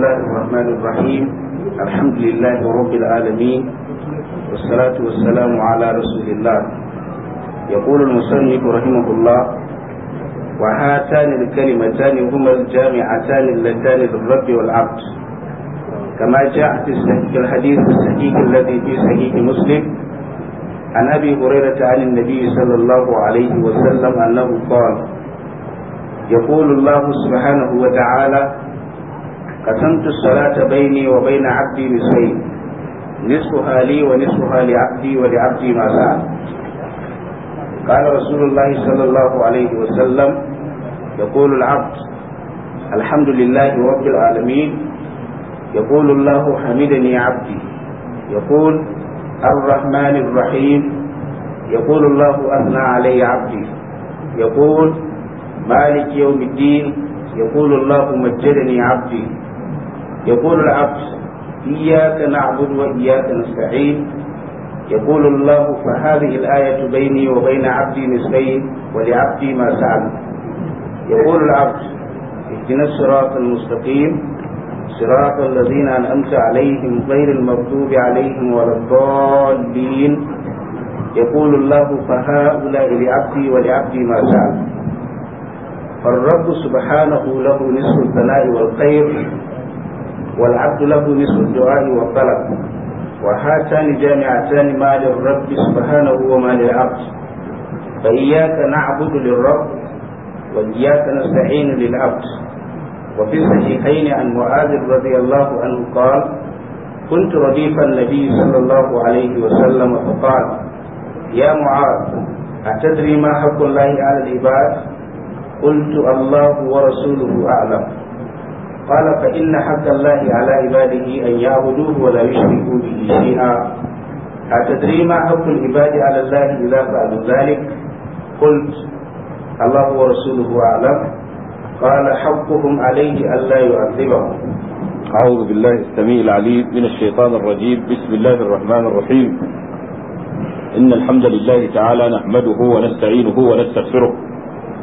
الله الرحمن الرحيم الحمد لله رب العالمين والصلاة والسلام على رسول الله يقول المصنف رحمه الله وهاتان الكلمتان هما الجامعتان اللتان للرب والعبد كما جاء في الحديث الصحيح الذي في صحيح مسلم عن ابي هريره عن النبي صلى الله عليه وسلم انه قال يقول الله سبحانه وتعالى قسمت الصلاة بيني وبين عبدي نصفين نصفها لي ونصفها لعبدي ولعبدي ما سعى قال رسول الله صلى الله عليه وسلم يقول العبد الحمد لله رب العالمين يقول الله حمدني عبدي يقول الرحمن الرحيم يقول الله أثنى علي عبدي يقول مالك يوم الدين يقول الله مجدني عبدي يقول العبد إياك نعبد وإياك نستعين يقول الله فهذه الآية بيني وبين عبدي نسبين ولعبدي ما سأل يقول العبد اهدنا الصراط المستقيم صراط الذين أنعمت عليهم غير المغضوب عليهم ولا الضالين يقول الله فهؤلاء لعبدي ولعبدي ما سأل فالرب سبحانه له نصف الثناء والخير والعبد له نصف الدعاء والطلب وهاتان جامعتان ما للرب سبحانه وما للعبد فإياك نعبد للرب وإياك نستعين للعبد وفي الصحيحين عن معاذ رضي الله عنه قال كنت رديف النبي صلى الله عليه وسلم فقال يا معاذ أتدري ما حق الله على العباد قلت الله ورسوله أعلم قال فإن حق الله على عباده أن يعبدوه ولا يشركوا به شيئا أتدري ما حق العباد على الله إذا فعلوا ذلك قلت الله ورسوله أعلم قال حقهم عليه ألا يعذبهم أعوذ بالله السميع العليم من الشيطان الرجيم بسم الله الرحمن الرحيم إن الحمد لله تعالى نحمده ونستعينه ونستغفره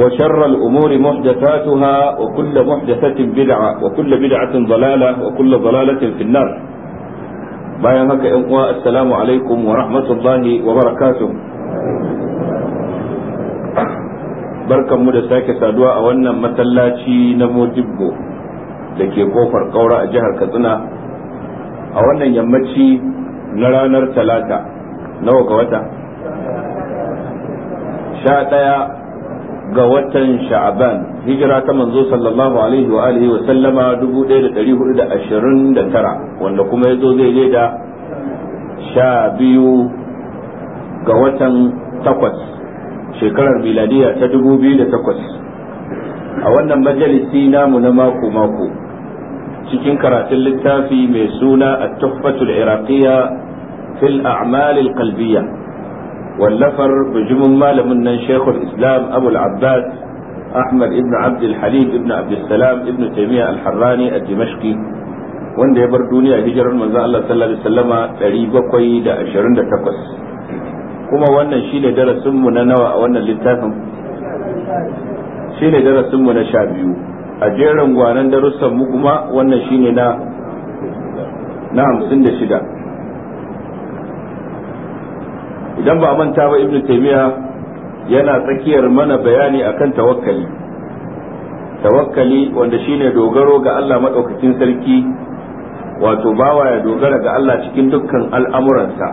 وشر الأمور محدثاتها وكل محدثة بدعة وكل بدعة ضلالة وكل ضلالة في النار bayan haka ‘yan uwa assalamu alaikum wa rahmatullahi wa barakatuh barkanmu da sake saduwa a wannan masallaci na modibbo da ke kofar kaura a jihar katsina a wannan yammaci na ranar talata nawa ga wata sha ɗaya ga watan sha'aban hijira ta manzo sallallahu alaihi wa alihi wa sallama 1429 wanda kuma yazo zai je da sha biyu ga watan takwas shekarar miladiya ta 2008 a wannan majalisi namu na mako mako cikin karatun littafi mai suna a tuhfatul iraqiyya fil a'mal al-qalbiyya wallafar bijimin malamin nan shekul islam abul abbas ahmad ibn abdul halim ibn abdul ibn taimiyya al-harrani a dimashki wanda ya bar duniya hijirar manzo Allah sallallahu alaihi wasallama 728 kuma wannan shine darasin mu na nawa a wannan littafin shine darasin mu na 12 a jerin gwanan darussan mu kuma wannan shine na na idan ba manta ba ibnu taymiya yana tsakiyar mana bayani akan tawakkali tawakkali wanda shine dogaro ga Allah madaukakin sarki wato bawa ya dogara ga Allah cikin dukkan al'amuransa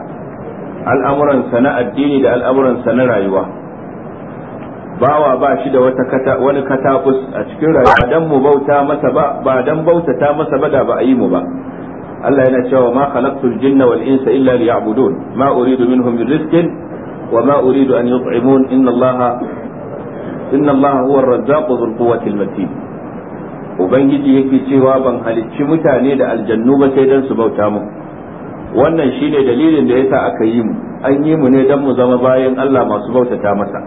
al'amuransa na addini da al'amuransa na rayuwa bawa ba shi da wata kata wani katakus a cikin rayuwa dan mu bauta masa ba ba dan bautata masa ba da ba a yi mu ba Allah yana cewa ma khalaqtul jinna wal insa illa liya'budun ma uridu minhum min rizqin wa ma uridu an yut'imun inna Allaha inna Allaha huwa ar-razzaqu dhul quwwati al-matin ubangiji yake cewa ban halicci mutane da aljannu ba sai dan su bauta mu wannan shine dalilin da yasa aka yi mu an yi mu ne dan mu zama bayan Allah masu bautata masa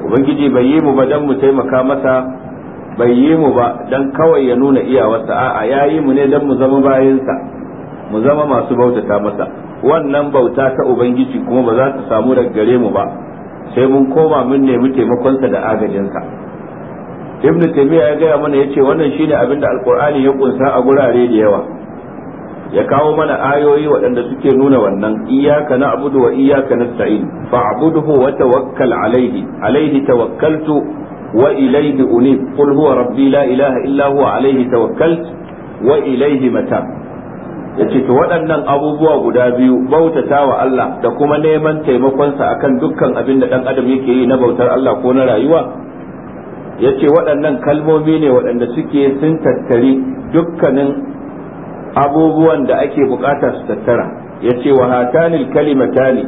ubangiji bai yi mu ba dan mu taimaka masa bai yi mu ba dan kawai ya nuna iyawarsa a'a ya yi mu ne dan mu zama bayansa mu zama masu bautata masa wannan bauta ta ubangiji kuma ba za ta samu daga gare mu ba sai mun koma mun nemi taimakonsa da agajinsa ibn taymiya ya gaya mana yace wannan shine abin da alqur'ani ya kunsa a gurare da yawa ya kawo mana ayoyi waɗanda suke nuna wannan iyyaka na'budu wa iyyaka nasta'in fa'budhu wa tawakkal alayhi alayhi tawakkaltu wa ilayhi unib qul huwa la ilaha illa a'laihi alayhi tawakkaltu wa mata yace to waɗannan abubuwa guda biyu bautata wa Allah da kuma neman taimakonsa akan dukkan abin da dan adam yake yi na bautar Allah ko na rayuwa yace waɗannan kalmomi ne waɗanda suke sun tattari dukkanin abubuwan da ake buƙatar su tattara yace wa hatanil kalimatani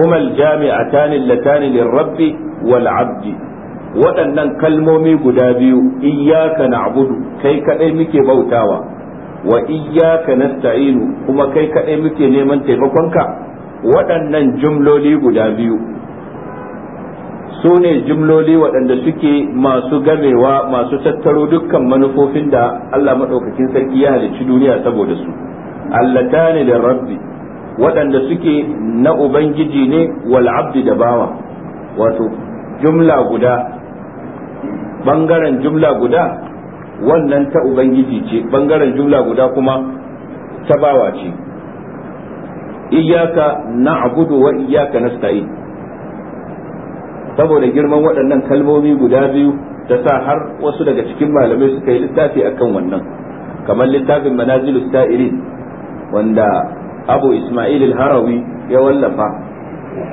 huma aljami'atani latani lirabbi wal 'abdi waɗannan kalmomi guda biyu iyyaka na'budu kai kadai muke bautawa wa iyyaka nasta'inu kuma kai kadai muke neman taimakonka waɗannan jumloli guda biyu su ne jumloli waɗanda suke masu gamewa masu tattaro dukkan manufofin da Allah maɗaukakin sarki ya halicci duniya saboda su allata ne da rabbi waɗanda suke na ubangiji ne wal abdi da bawa wato jumla guda bangaren jumla guda wannan ta ubangiji ce bangaren jumla guda kuma ta bawa ce iyaka na'budu wa iyaka nasta'in saboda girman waɗannan kalmomi guda biyu ta sa har wasu daga cikin malamai suka yi littafi akan wannan kamar littafin manazilus wanda abu ismail harawi ya wallafa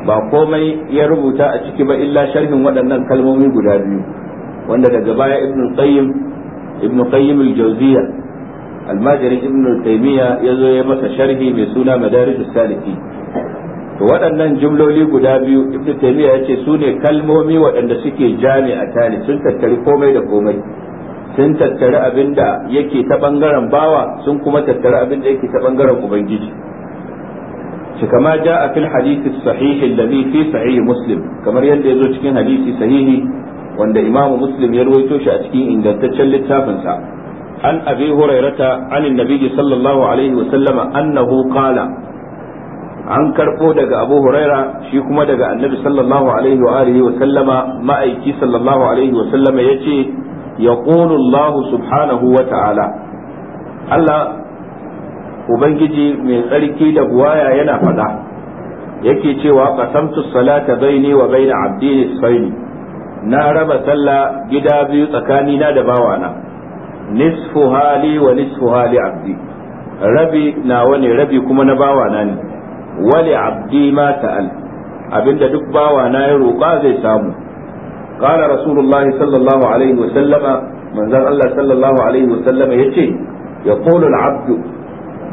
ba komai ya rubuta a ciki ba illa sharhin waɗannan kalmomi guda biyu wanda daga baya ibn qayyim ibn qayyim al-jawziya ibn taymiya ya zo ya masa sharhi mai suna madarij saliki to waɗannan jumloli guda biyu ibn taymiya ya ce su ne kalmomi waɗanda suke jami'a tani sun tattari komai da komai sun tattari abin da yake ta bangaren bawa sun kuma tattari abin da yake ta bangaren ubangiji كما جاء في الحديث الصحيح الذي في kamar yadda ya zo cikin hadisi sahihi wanda imamu muslim ya rawaito shi a cikin ingantaccen littafinsa an abi hurairata an annabi sallallahu alaihi wa sallama annahu qala an karbo daga abu huraira shi kuma daga annabi sallallahu alaihi wa alihi wa sallama ma'aiki sallallahu alaihi wa sallama yace yaqulu allah subhanahu wa ta'ala Allah ubangiji mai tsarki da buwaya yana faɗa yake cewa qasamtu salata baini wa baina abdi saini na raba sallah gida biyu tsakanina na da bawana nisfu hali wa nisfu hali abdi rabi nawa ne rabi kuma na bawana ne wali abdi ma ta'al abinda duk bawana ya roƙa zai samu qala rasulullahi sallallahu alaihi wa sallama manzon Allah sallallahu alaihi wa sallama yace yaqulu al-abdu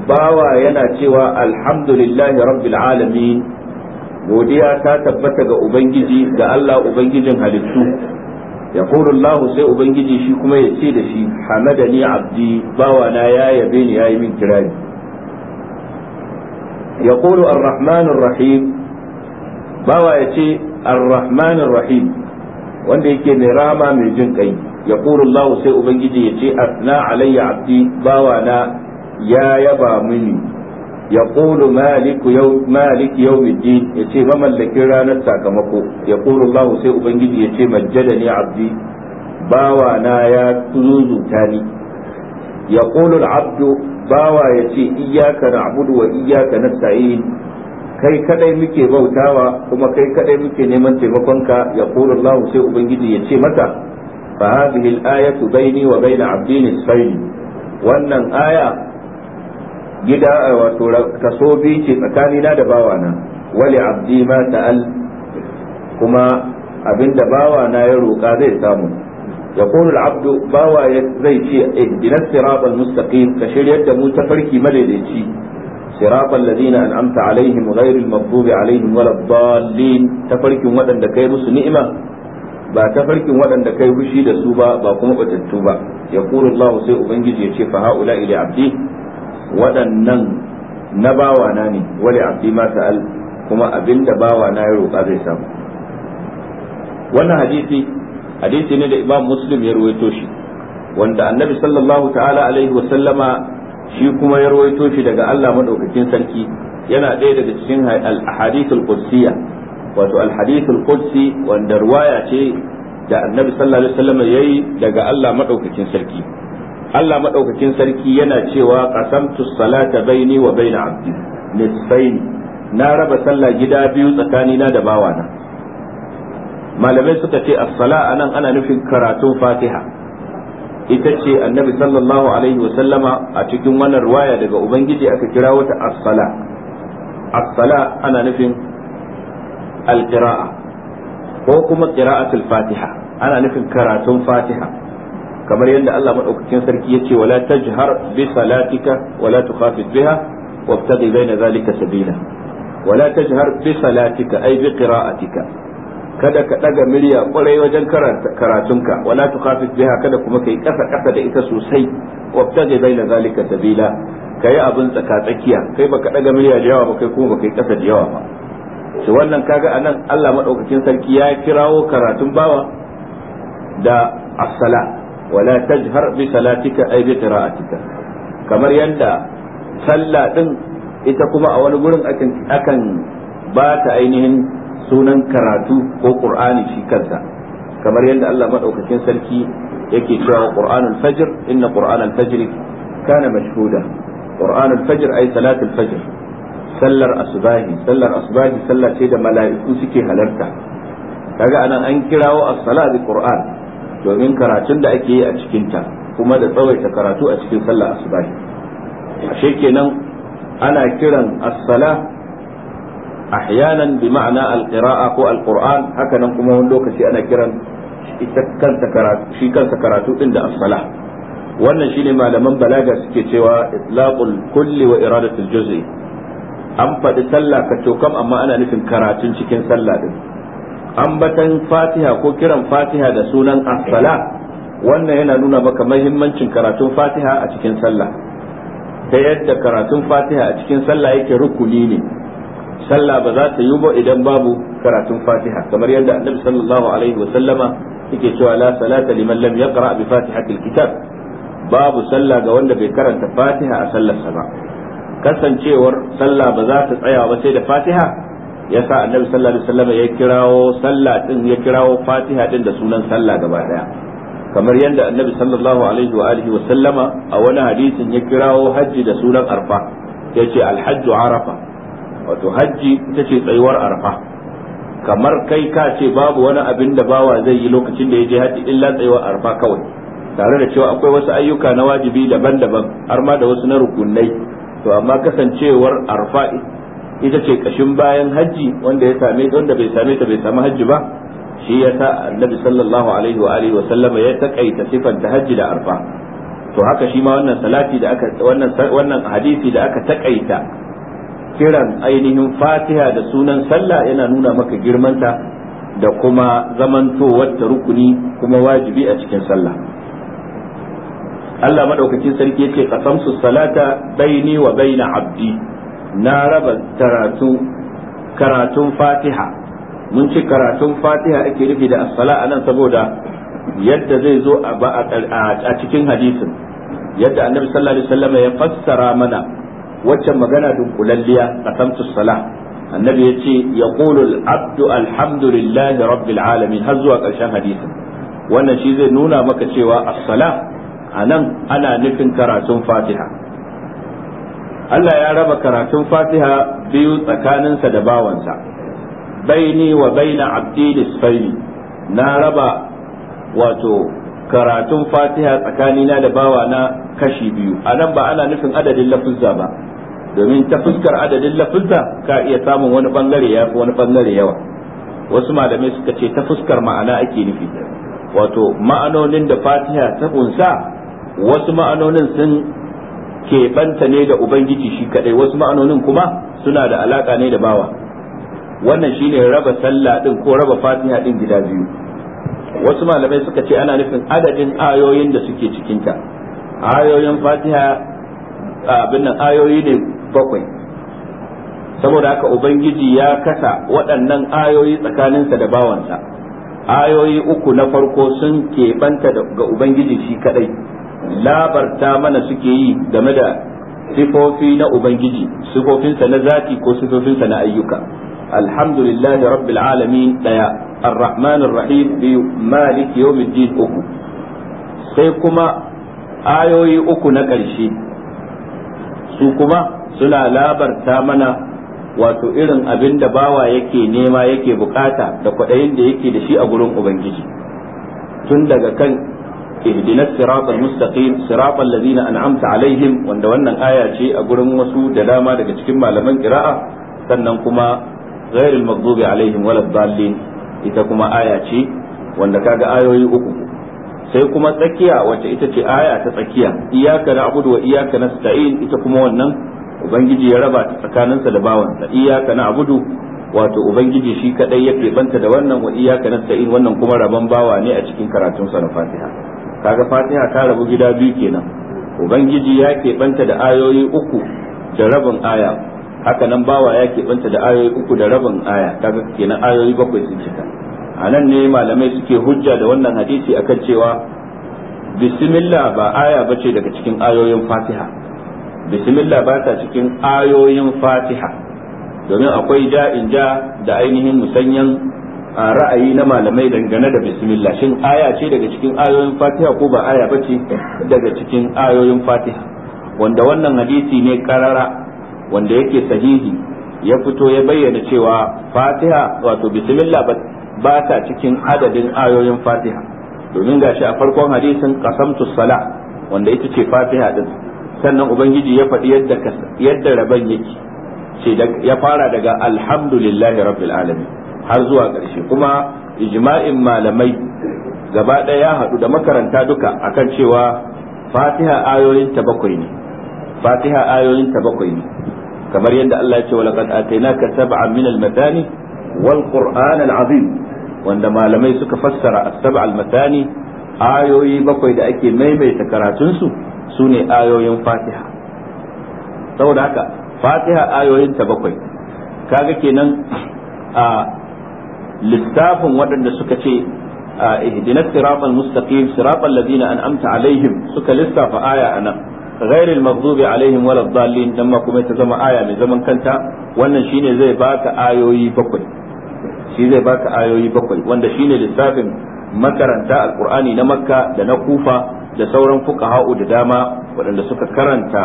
bawa yana cewa alhamdulillahi rabbil alamin godiya ta tabbata ga ubangiji ga Allah ubangijin halittu ya Allah sai ubangiji shi kuma ya ce da shi hamadani abdi na ya yabe ni yayi min kirari ya qulu ar-rahman rahim bawa ya ce ar-rahman rahim wanda yake mai rama mai jin kai ya Allah sai ubangiji ya ce asna alayya abdi na ya yaba mini ya kulu maliku yau maliki yau biddi ya ce ma mallakin ranar sakamako ya kulu Allah sai ubangiji ya ce majjadani abdi bawa na ya tunzu tani ya kulu abdu bawa ya ce iyyaka na'budu wa iyyaka nasta'in kai kadai muke bautawa kuma kai kadai muke neman taimakonka ka ya kulu Allah sai ubangiji yace ce maka fa hadhihi al-ayatu bayni wa bayna abdin sayyid wannan aya gida wato tasobi ce tsakanina da bawana wali abdi ma ta'al kuma abinda bawana ya roƙa zai samu ya kuma al'abdu bawa zai ce a gina siraɓar mustaƙin ka shirya da mu tafarki madaidaici siraɓar lazina al'amta alaihim ghairil maɓubi alaihim wala dalin tafarkin waɗanda kai musu ni'ima ba tafarkin waɗanda kai fushi da su ba ba kuma batattu ba ya kuma allahu sai ubangiji ya ce fa ha'ula ila abdi waɗannan na bawana ne wale abdi ma sa'al kuma abin da bawana ya roƙa zai samu wannan hadisi hadisi ne da imam muslim ya ruwaito shi wanda annabi sallallahu ta'ala alaihi wasallama shi kuma ya ruwaito shi daga Allah madaukakin sarki yana ɗaya daga cikin al-hadithul qudsiyya wato al-hadithul qudsi wanda ruwaya ce da annabi sallallahu alaihi wasallam yayi daga Allah madaukakin sarki Allah maɗaukakin sarki yana cewa qasamtu salata baini wa baina abdi nisfaini na raba sallah gida biyu tsakanina da bawana malamai suka ce as-sala anan ana nufin karatun fatiha ita ce annabi sallallahu alaihi wa sallama a cikin wannan ruwaya daga ubangiji aka kira wata as-sala as-sala ana nufin al-qira'a ko kuma qira'atul fatiha ana nufin karatun fatiha kamar yadda Allah maɗaukakin sarki ya ce wala tajhar bi salatika wala tukhafit biha wabtaghi baina zalika sabila wala tajhar bi salatika ay bi qira'atika kada ka daga murya kwarai wajen karatunka wala tukhafit biha kada kuma kai kasa kasa da ita sosai wabtaghi baina zalika sabila kai abin tsaka tsakiya kai baka daga murya da yawa ba kai kuma baka yi kasa da yawa ba to wannan kaga anan Allah maɗaukakin sarki ya kirawo karatun bawa da as-sala wala har bi salatika ay bi qira'atika kamar yadda sallah din ita kuma a wani wurin akan akan ba ainihin sunan karatu ko qur'ani shi kansa kamar yadda Allah madaukakin sarki yake cewa qur'anul fajr inna qur'anal fajr kana mashhuda qur'anul fajr ay sallar asbahi sallar ce da mala'iku suke halarta kaga anan an kirawo as-salat qur'an domin karatun da ake yi a cikinta kuma da tsawaita karatu a cikin sallar asubahi ashe kenan ana kiran as-sala ahyanan bi ma'ana al-qira'a ko al-qur'an haka nan kuma wani lokaci ana kiran karatu shi kansa karatu din da as-sala wannan shine malaman balaga suke cewa itlaqul kulli wa iradatul juz'i an faɗi sallah ka cokam amma ana nufin karatun cikin sallah din ambatan fatiha ko kiran fatiha da sunan Asala. wannan yana nuna maka mahimmancin karatun fatiha a cikin sallah ta yadda karatun fatiha a cikin sallah yake rukuni ne sallah ba za ta yi ba idan babu karatun fatiha kamar yadda annabi sallallahu alaihi wa sallama yake cewa la salata liman lam yaqra bi fatihatil kitab babu sallah ga wanda bai karanta fatiha a sallarsa ba kasancewar sallah ba za ta tsaya ba sai da fatiha Yasa sa annabi sallallahu alaihi wasallam ya kirawo sallah din ya kirawo fatiha din da sunan sallah gaba daya kamar yadda annabi sallallahu alaihi wa alihi wasallama a wani hadisin ya kirawo hajji da sunan arfa yace alhajju arafa wato hajji ita ce tsayuwar arfa kamar kai ka ce babu wani abin da bawa zai yi lokacin da ya je hajji illa tsayuwar arfa kawai tare da cewa akwai wasu ayyuka na wajibi daban-daban har ma da wasu na rukunai to amma kasancewar arfa ita ce kashin bayan hajji wanda ya same wanda bai same ta bai samu hajji ba shi ya sa annabi sallallahu alaihi wa alihi wa sallama ya takaita sifar ta hajji da arfa to haka shi ma wannan salati da aka wannan wannan hadisi da aka takaita kiran ainihin fatiha da sunan sallah yana nuna maka girmanta da kuma zamantowar ta rukuni kuma wajibi a cikin sallah Allah madaukakin sarki yake qasamsu salata baini wa baina abdi na raba karatun fatiha mun ce karatun fatiha ake nufi da asfala a nan saboda yadda zai zo a cikin hadisin yadda annabi sallallahu alaihi wasallam ya fassara mana waccan magana dunkulalliya qasamtus Sala. annabi ya ce ya al-abdu alhamdulillahi rabbil alamin har zuwa ƙarshen hadisin wannan shi zai nuna maka cewa as-salah anan ana nufin karatun fatiha Allah ya raba karatun Fatiha biyu tsakaninsa da bawansa baini wa baina abdi nisfaini na raba wato karatun Fatiha tsakanina da bawana kashi biyu anan ba ana nufin adadin lafuzza ba domin ta fuskar adadin lafuzza ka iya samun wani bangare ya wani bangare yawa wasu malamai suka ce ta fuskar ma'ana ake nufi wato ma'anonin da Fatiha ta kunsa wasu ma'anonin sun keɓanta ne da ubangiji shi kadai wasu ma'anonin kuma suna da alaka ne da bawa wannan shine raba sallah din ko raba fatiha din gida biyu wasu malamai suka ce ana nufin adadin ayoyin da suke cikinta ayoyin fatiha abin nan ayoyi ne bakwai saboda haka ubangiji ya kasa waɗannan ayoyi tsakaninsa da bawansa ayoyi uku na farko sun keɓanta ga ubangiji shi kadai labarta mana suke yi game da sifofi na ubangiji sifofinsa na zati ko sifofinsa na ayyuka alhamdulillah rabbil alamin daya الرحمن الرحيم biyu مالك يوم uku sai kuma ayoyi uku na ƙarshe su kuma suna labarta mana wato irin abin da bawa yake nema yake bukata da kwaɗayin da yake da shi a gurin ubangiji tun daga kan اهدنا الصراط المستقيم صراط الذين انعمت عليهم wanda wannan aya ce a gurin wasu da dama daga cikin malaman qira'a sannan kuma ghairil maghdubi alaihim waladdallin ita kuma aya ce wanda kaga ayoyi uku sai kuma tsakiya wacce ita ce aya ta tsakiya iyyaka na'budu wa iyyaka nasta'in ita kuma wannan ubangiji ya raba ta tsakaninsa da bawansa iyyaka na'budu wato ubangiji shi kadai yake banta da wannan wa iyyaka nasta'in wannan kuma rabon bawa ne a cikin karatun sa na Fatiha kaga fatiha ta rabu gida biyu kenan ubangiji ya keɓanta da ayoyi uku da rabin aya haka nan bawa ya keɓanta da ayoyi uku da rabin aya kaga kenan ayoyi bakwai sun cika a nan ne malamai suke hujja da wannan hadisi akan cewa bismillah ba aya ba ce daga cikin ayoyin fatiha bismillah ba ta cikin ayoyin fatiha domin akwai ja in ja da ainihin musanyan A ra'ayi na malamai dangane da bismillah shin aya ce daga cikin ayoyin fatiha ko ba aya ba ce daga cikin ayoyin fatiha wanda wannan hadisi ne karara wanda yake sahihi ya fito ya bayyana cewa fatiha wato bismillah ba ta cikin adadin ayoyin fatiha domin gashi a farkon hadisin qasamtu sala wanda ita ce fatiha din sannan ubangiji ya faɗi yadda yadda raban yake ya fara daga alhamdulillahi rabbil alamin har zuwa ƙarshe kuma ijma'in malamai gaba ɗaya ya haɗu da makaranta duka akan cewa fatiha ayoyin ta bakwai ne fatiha ayoyin ta bakwai ne kamar yadda Allah ya ce walaqad atainaka sab'an min al-matani wal qur'an al-azim wanda malamai suka fassara as-sab' matani ayoyi bakwai da ake maimaita karatun su sune ayoyin fatiha saboda haka fatiha ayoyin ta bakwai kaga kenan a littafin waɗanda suka ce a ah, ihdina siratal mustaqim siratal ladina an'amta alaihim suka lissafa aya anan غير المغضوب عليهم ولا الضالين لما ta zama aya mai zaman kanta wannan shine zai baka ayoyi bakwai shi zai baka ayoyi bakwai wanda shine lissafin makaranta alqur'ani na makka da na kufa da sauran fuqaha'u da dama waɗanda suka karanta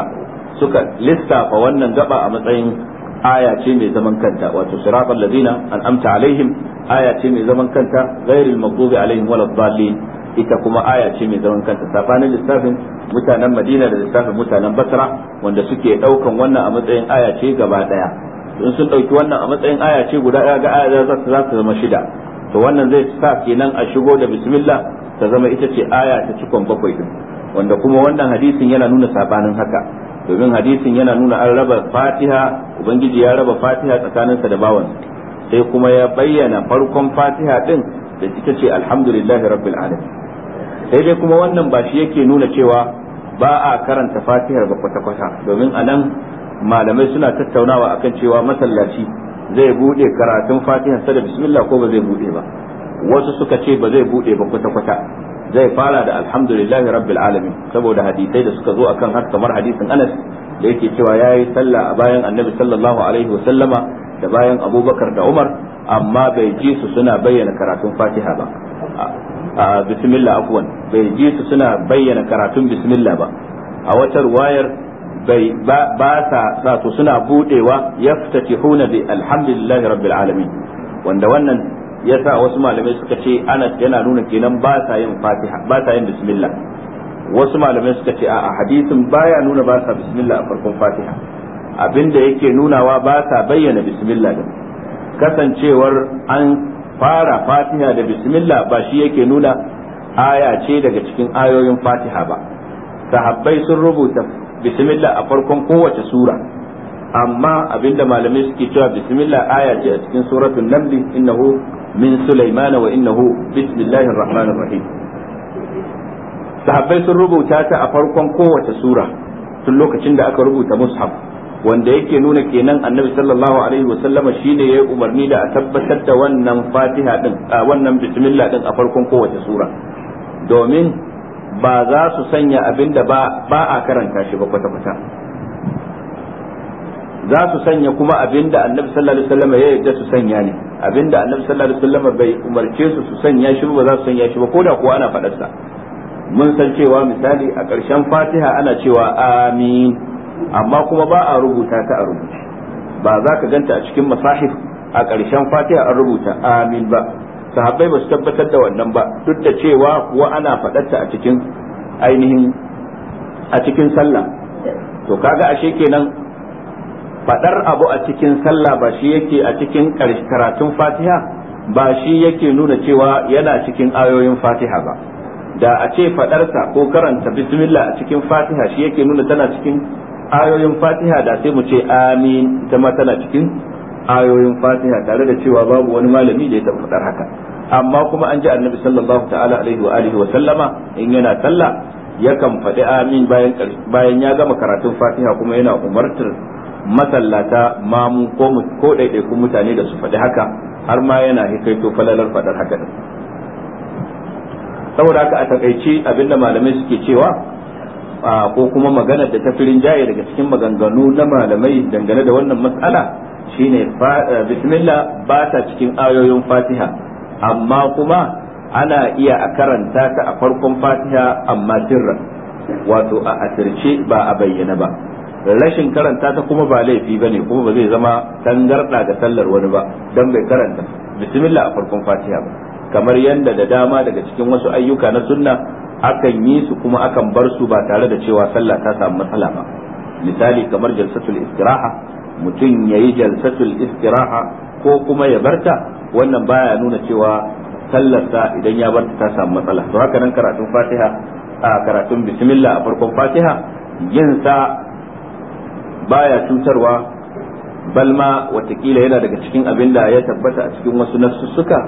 suka lissafa wannan gaba a matsayin aya ce mai zaman kanta wato siratal ladina an'amta alaihim aya ce mai zaman kanta ghairil maghdubi alaihim waladdallin ita kuma aya ce mai zaman kanta sabanin lissafin mutanen Madina da lissafin mutanen Basra wanda suke daukan wannan a matsayin aya ce gaba daya in sun dauki wannan a matsayin aya ce guda daya ga aya za ta zama shida to wannan zai sa kenan a shigo da bismillah ta zama ita ce aya ta cikon bakwai din wanda kuma wannan hadisin yana nuna sabanin haka domin hadisin yana nuna an raba fatiha ubangiji ya raba fatiha tsakaninsa da bawan sai kuma ya bayyana farkon fatiha din da ita ce alhamdulillahi rabbil alamin sai dai kuma wannan ba shi yake nuna cewa ba a karanta fatihar ba kwata-kwata domin anan malamai suna tattaunawa akan cewa masallaci zai bude karatun fatihar sa da bismillah ko ba zai bude ba wasu suka ce ba zai bude ba kwata-kwata zai fara da alhamdulillah rabbil alamin saboda hadisai da suka zo akan haka kamar hadisin Anas da yake cewa yayi sallah a bayan Annabi sallallahu alaihi wasallama da bayan Abubakar da Umar amma bai ji su suna bayyana karatun Fatiha ba a bismillah afwan bai ji su suna bayyana karatun bismillah ba a wata ruwayar bai ba sa sa suna budewa yaftatihuna bi alhamdulillah rabbil alamin wanda wannan yasa wasu malamai suka ce Anas yana nuna kenan ba sa yin Fatiha ba sa yin bismillah wasu malamai suka ce a'a hadisin baya nuna ba sa bismillah a farkon Fatiha abinda yake nunawa ba sa bayyana bismillah din kasancewar an fara Fatiha da bismillah ba shi yake nuna aya ce daga cikin ayoyin Fatiha ba sahabbai sun rubuta bismillah a farkon kowace sura amma abinda malamai suke cewa bismillah aya ce a cikin suratul naml innahu min sulaiman wa innahu bismillahir rahmanir rahim sahabbai sun rubuta ta a farkon kowace sura tun lokacin da aka rubuta mushaf wanda yake nuna kenan annabi sallallahu alaihi wa sallama shine yayi umarni da a tabbatar da wannan fatiha din a wannan bismillah din a farkon kowace sura domin ba za su sanya abinda ba ba a karanta shi ba kwata-kwata za su sanya kuma abinda annabi sallallahu alaihi wasallam ya yarda su sanya ne abinda annabi sallallahu alaihi wasallam bai umarce su su sanya shi ba za su sanya shi ba koda kuwa ana faɗar sa mun san cewa misali a ƙarshen fatiha ana cewa amin amma kuma ba a rubuta ta a rubuce ba za ka ganta a cikin masahif a ƙarshen fatiha an rubuta amin ba sahabbai ba su tabbatar da wannan ba duk da cewa kuwa ana faɗarta a cikin ainihin a cikin sallah to kaga ashe kenan fadar abu a cikin sallah ba shi yake a cikin karatun fatiha ba shi yake nuna cewa yana cikin ayoyin fatiha ba da a ce fadarsa ko karanta bismillah a cikin fatiha shi yake nuna tana cikin ayoyin fatiha da sai mu ce amin ita ma tana cikin ayoyin fatiha tare da cewa babu wani malami da ya taɓa fadar haka amma kuma an ji annabi sallallahu ta'ala alaihi wa alihi wa sallama in yana sallah yakan faɗi amin bayan bayan ya gama karatun fatiha kuma yana umartar masallata mamu ko ko ɗaiɗaikun mutane da su faɗi haka har ma yana hikaito falalar faɗar haka din saboda haka a takaici abinda malamai suke cewa ko kuma maganar da ta firin jaye daga cikin maganganu na malamai dangane da wannan matsala shine bismillah ba ta cikin ayoyin fatiha amma kuma ana iya a karanta ta a farkon fatiha amma sirran wato a asirce ba a bayyana ba rashin karanta ta kuma ba laifi ba ne kuma ba zai zama tangarɗa ga sallar wani ba don bai karanta bismillah a farkon fatiha ba kamar yadda da dama daga cikin wasu ayyuka na sunna akan yi su kuma akan bar su ba tare da cewa sallah ta samu matsala ba misali kamar jalsatul istiraha mutum yayi jalsatul istiraha ko kuma ya barta wannan baya nuna cewa sallarsa idan ya barta ta samu matsala to haka nan karatun fatiha a karatun bismillah a farkon fatiha yin sa baya cutarwa balma watakila yana daga cikin abin da ya tabbata a cikin wasu nassussuka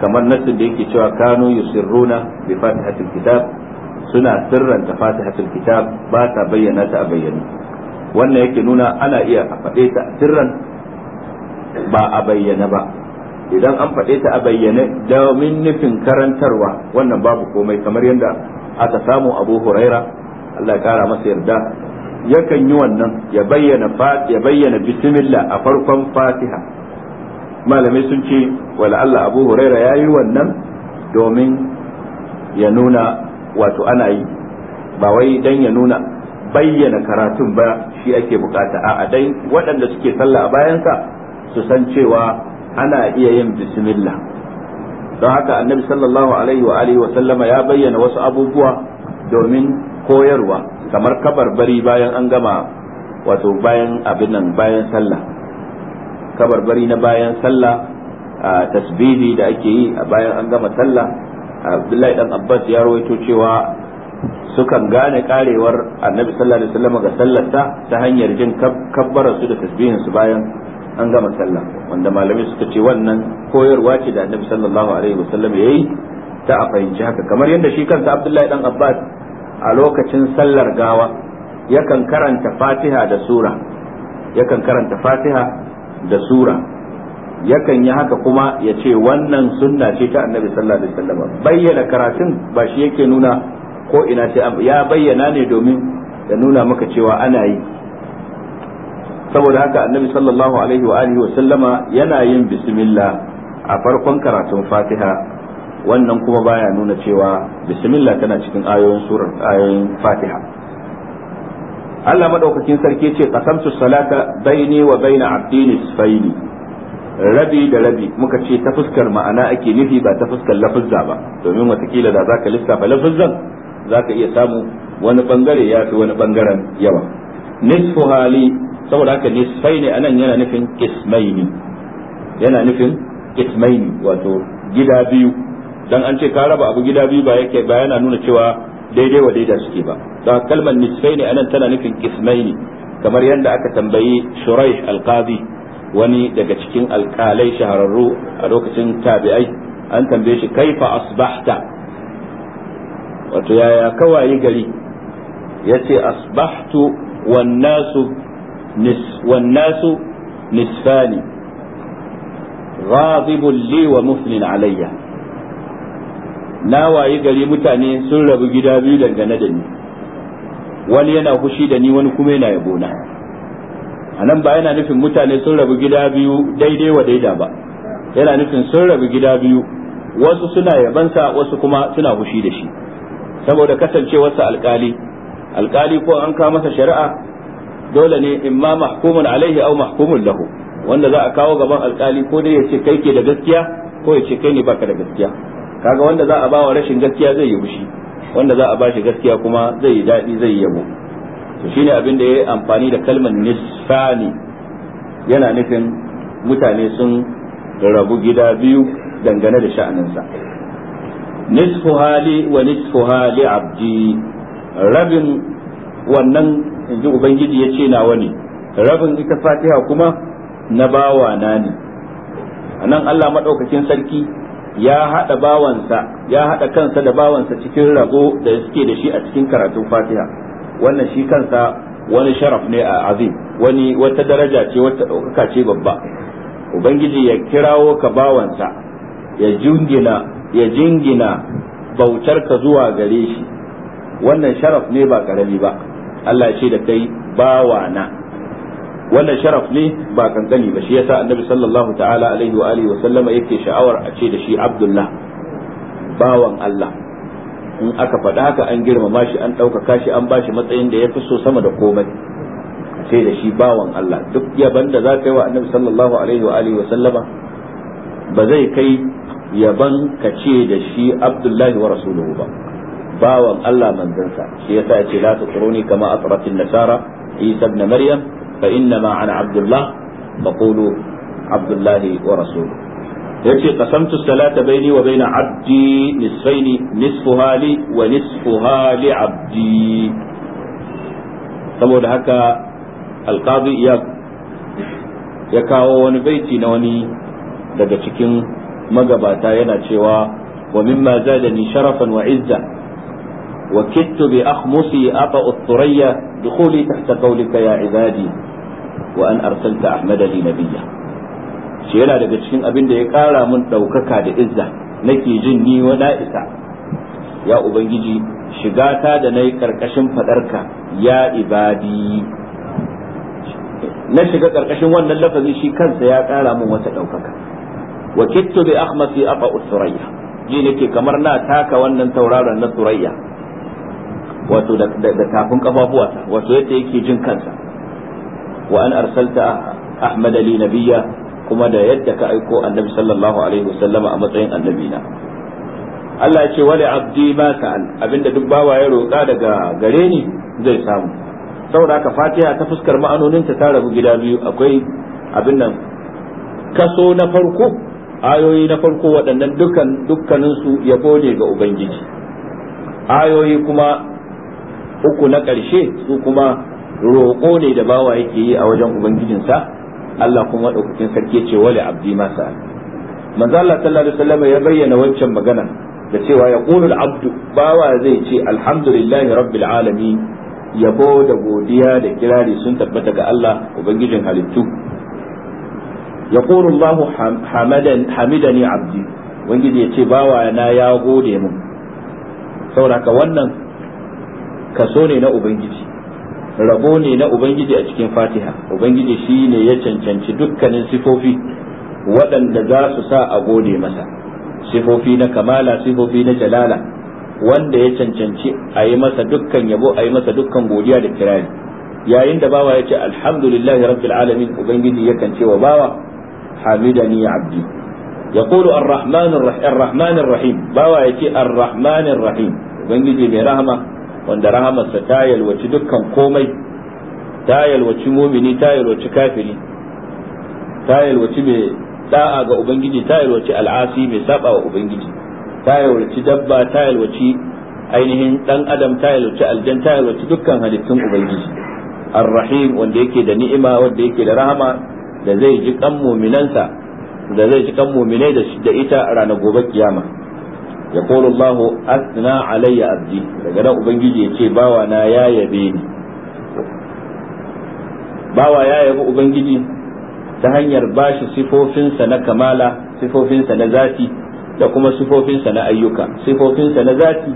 kamar nassin da yake cewa kanu yusirruna bi fatihatil kitab suna sirranta fatihatil kitab ba ta bayyana ta a bayyane wannan yake nuna ana iya a faɗe ta sirran ba a bayyane ba idan an faɗe ta a bayyane domin nufin karantarwa wannan babu komai kamar yadda aka samu abu huraira Allah ya kara masa yarda yakan yi wannan ya bayyana ya bayyana bismillah a farkon fatiha malamai sun ce wala Allah Abu Huraira ya yi wannan domin ya nuna wato ana yi ba wai dan ya nuna bayyana karatun ba shi ake bukata a dai waɗanda suke sallah a bayansa su san cewa ana iya yin bismillah don haka annabi sallallahu alaihi wa alihi wa sallama ya bayyana wasu abubuwa domin koyarwa kamar kabarbari bayan an gama wato bayan abin nan bayan sallah kabarbari na bayan sallah a tasbihi da ake yi a bayan an gama sallah abdullahi dan abbas ya rawaito cewa sukan gane karewar annabi sallallahu alaihi wasallam ga sallarsa ta hanyar jin kabbara su da tasbihin su bayan an gama sallah wanda malami suka ce wannan koyarwa ce da annabi sallallahu alaihi wasallam yayi ta a fahimci haka kamar yadda shi kansa abdullahi dan abbas a lokacin sallar gawa yakan karanta fatiha da sura yakan karanta fatiha da sura yakan yi haka kuma ya ce wannan sunna ce ta annabi sallallahu alaihi wasallam bayyana karatun ba shi yake nuna ko ina ce ya bayyana ne domin ya nuna maka cewa ana yi saboda haka annabi sallallahu alaihi wa alihi wasallama yana yin bismillah a farkon karatun fatiha wannan kuma baya nuna cewa bismillah tana cikin ayoyin surar ayoyin fatiha Allah madaukakin sarki ce qasamtu salata baini wa baina abdini nisfaini rabi da rabi muka ce ta fuskar ma'ana ake nufi ba ta fuskar lafuzza ba domin watakila da zaka lissafa lafuzzan zaka iya samu wani bangare ya fi wani bangaren yawa nisfu hali saboda haka nisfaini anan yana nufin kismaini yana nufin kismaini wato gida biyu dan an ce ka raba abu gida biyu ba yake ba yana nuna cewa daidai wa daidai suke ba da kalmar nisfai anan tana nufin kismai ne kamar yadda aka tambayi shuraih alqazi wani daga cikin alkalai shahararru a lokacin tabi'ai an tambaye shi kaifa asbahta wato yaya kawai gari yace asbahtu wan nasu nisfani غاضب لي ومثل عليّ na wayi gari mutane sun rabu gida biyu dangane da ni wani yana fushi da ni wani kuma yana yabo na a nan ba yana nufin mutane sun rabu gida biyu daidai wa daida ba yana nufin sun rabu gida biyu wasu suna yabansa wasu kuma suna fushi da shi saboda kasancewarsa alkali alkali ko an kawo masa shari'a dole ne in ma mahkumun alaihi au mahkumun lahu wanda za a kawo gaban alkali ko dai ya ce kai ke da gaskiya ko ya ce kai ne baka da gaskiya kaga wanda za a ba wa rashin gaskiya zai yi bushi wanda za a ba shi gaskiya kuma zai yi daɗi zai yabo to shine abin da ya yi amfani da kalmar nisfani yana nufin mutane sun rabu gida biyu dangane da sha'aninsa nisfu hali wa nisfu hali abdi rabin wannan inji ubangiji ya ce nawa ne rabin ita fatiha kuma na bawa na ne anan Allah maɗaukakin sarki ya haɗa bawansa ya hada kansa da bawansa cikin rago da suke da shi a cikin karatun fatiha wannan shi kansa wani sharaf ne a azim wani wata daraja ce wata ɗaukaka ce babba ubangiji ya kirawo ka bawansa ya jingina ya jingina bautar ka zuwa gare shi wannan sharaf ne ba karami ba Allah ce da kai bawana wannan sharaf ne ba kankani ba shi yasa annabi sallallahu ta'ala alaihi wa alihi wa sallama yake sha'awar a ce da shi abdullah bawan Allah in aka faɗa haka an girmama shi an ɗaukaka shi an bashi matsayin da ya fi so sama da komai a ce da shi bawan Allah duk yaban da za ka yi wa annabi sallallahu alaihi wa alihi wa sallama ba zai kai yaban ka ce da shi abdullahi wa rasuluhu ba bawan Allah manzansa shi yasa ya ce la tuqruni kama a asratin nasara isa ibn maryam فإنما أنا عبد الله فقولوا عبد الله ورسوله يأتي قسمت الصلاة بيني وبين عبدي نصفين نصفها لي ونصفها لعبدي saboda haka alkazi ya kawo wani baiti na wani daga cikin magabata yana cewa wa mimma zadani sharafan wa izza wa kittu bi akhmusi aba uthurayya dukhuli tahta qawlika ya ibadi wa an arsalta ahmada li nabiyya shi yana daga cikin abin da ya kara mun daukaka da izza nake jin ni wa da'isa ya ubangiji shiga ta da nayi karkashin fadarka ya ibadi na shiga karkashin wannan lafazi shi kansa ya kara mun wata daukaka wa kittu bi akhmasi aba usrayya ji nake kamar na taka wannan tauraron na surayya wato da tafin kafafuwa wato yadda yake jin kansa wa an arsalta ahmad li nabiyya kuma da yadda ka aiko annabi sallallahu alaihi wasallama a matsayin annabina Allah ya ce wali abdi ma sa'al abinda duk bawa ya roƙa daga gare ni zai samu saboda haka fatiha ta fuskar ma'anonin ta rabu gida biyu akwai abin nan kaso na farko ayoyi na farko waɗannan dukkan dukkaninsu yabo ne ga ubangiji ayoyi kuma uku na ƙarshe su kuma roƙo ne da bawa yake yi a wajen ubangijinsa Allah kuma ɗaukakin sarki ce wale abdi ma manzo Allah sallallahu alaihi wasallam ya bayyana wancan magana da cewa ya al-abd bawa zai ce alhamdulillahi rabbil alamin yabo da godiya da kirari sun tabbata ga Allah ubangijin halittu ya qulu Allah hamadan hamidani abdi ubangiji ya ce bawa na ya gode mun saboda wannan kaso ne na ubangiji rabo ne na ubangiji a cikin fatiha ubangiji shi ne ya cancanci dukkanin sifofi waɗanda za su sa a gode masa sifofi na kamala sifofi na jalala wanda ya cancanci a yi masa dukkan yabo a yi masa dukkan godiya da kirari yayin da bawa ya ce alhamdulillahi rabbil alamin ubangiji yakan ce wa bawa hamidani abdi yaqulu arrahmanir rahim bawa ya ce arrahmanir rahim ubangiji mai rahama wanda rahamarsa ta yalwaci dukkan komai ta yalwaci mumini ta yalwaci kafiri ta yalwaci mai da'a ga ubangiji ta yalwaci al'asi mai saba wa ubangiji ta yalwaci dabba ta yalwaci ainihin dan adam ta yalwaci aljan ta yalwaci dukkan halittun ubangiji arrahim wanda yake da ni'ima wanda yake da rahama da zai ji kan muminansa da zai ji kan muminai da ita ranar gobe kiyama ya kone bahu asina alayya abdi daga na ubangiji ya ce bawa na ya yabe ni bawa ya yabi ubangiji ta hanyar bashi sifofinsa na kamala sifofinsa na zati da kuma sifofinsa na ayyuka sifofinsa na zati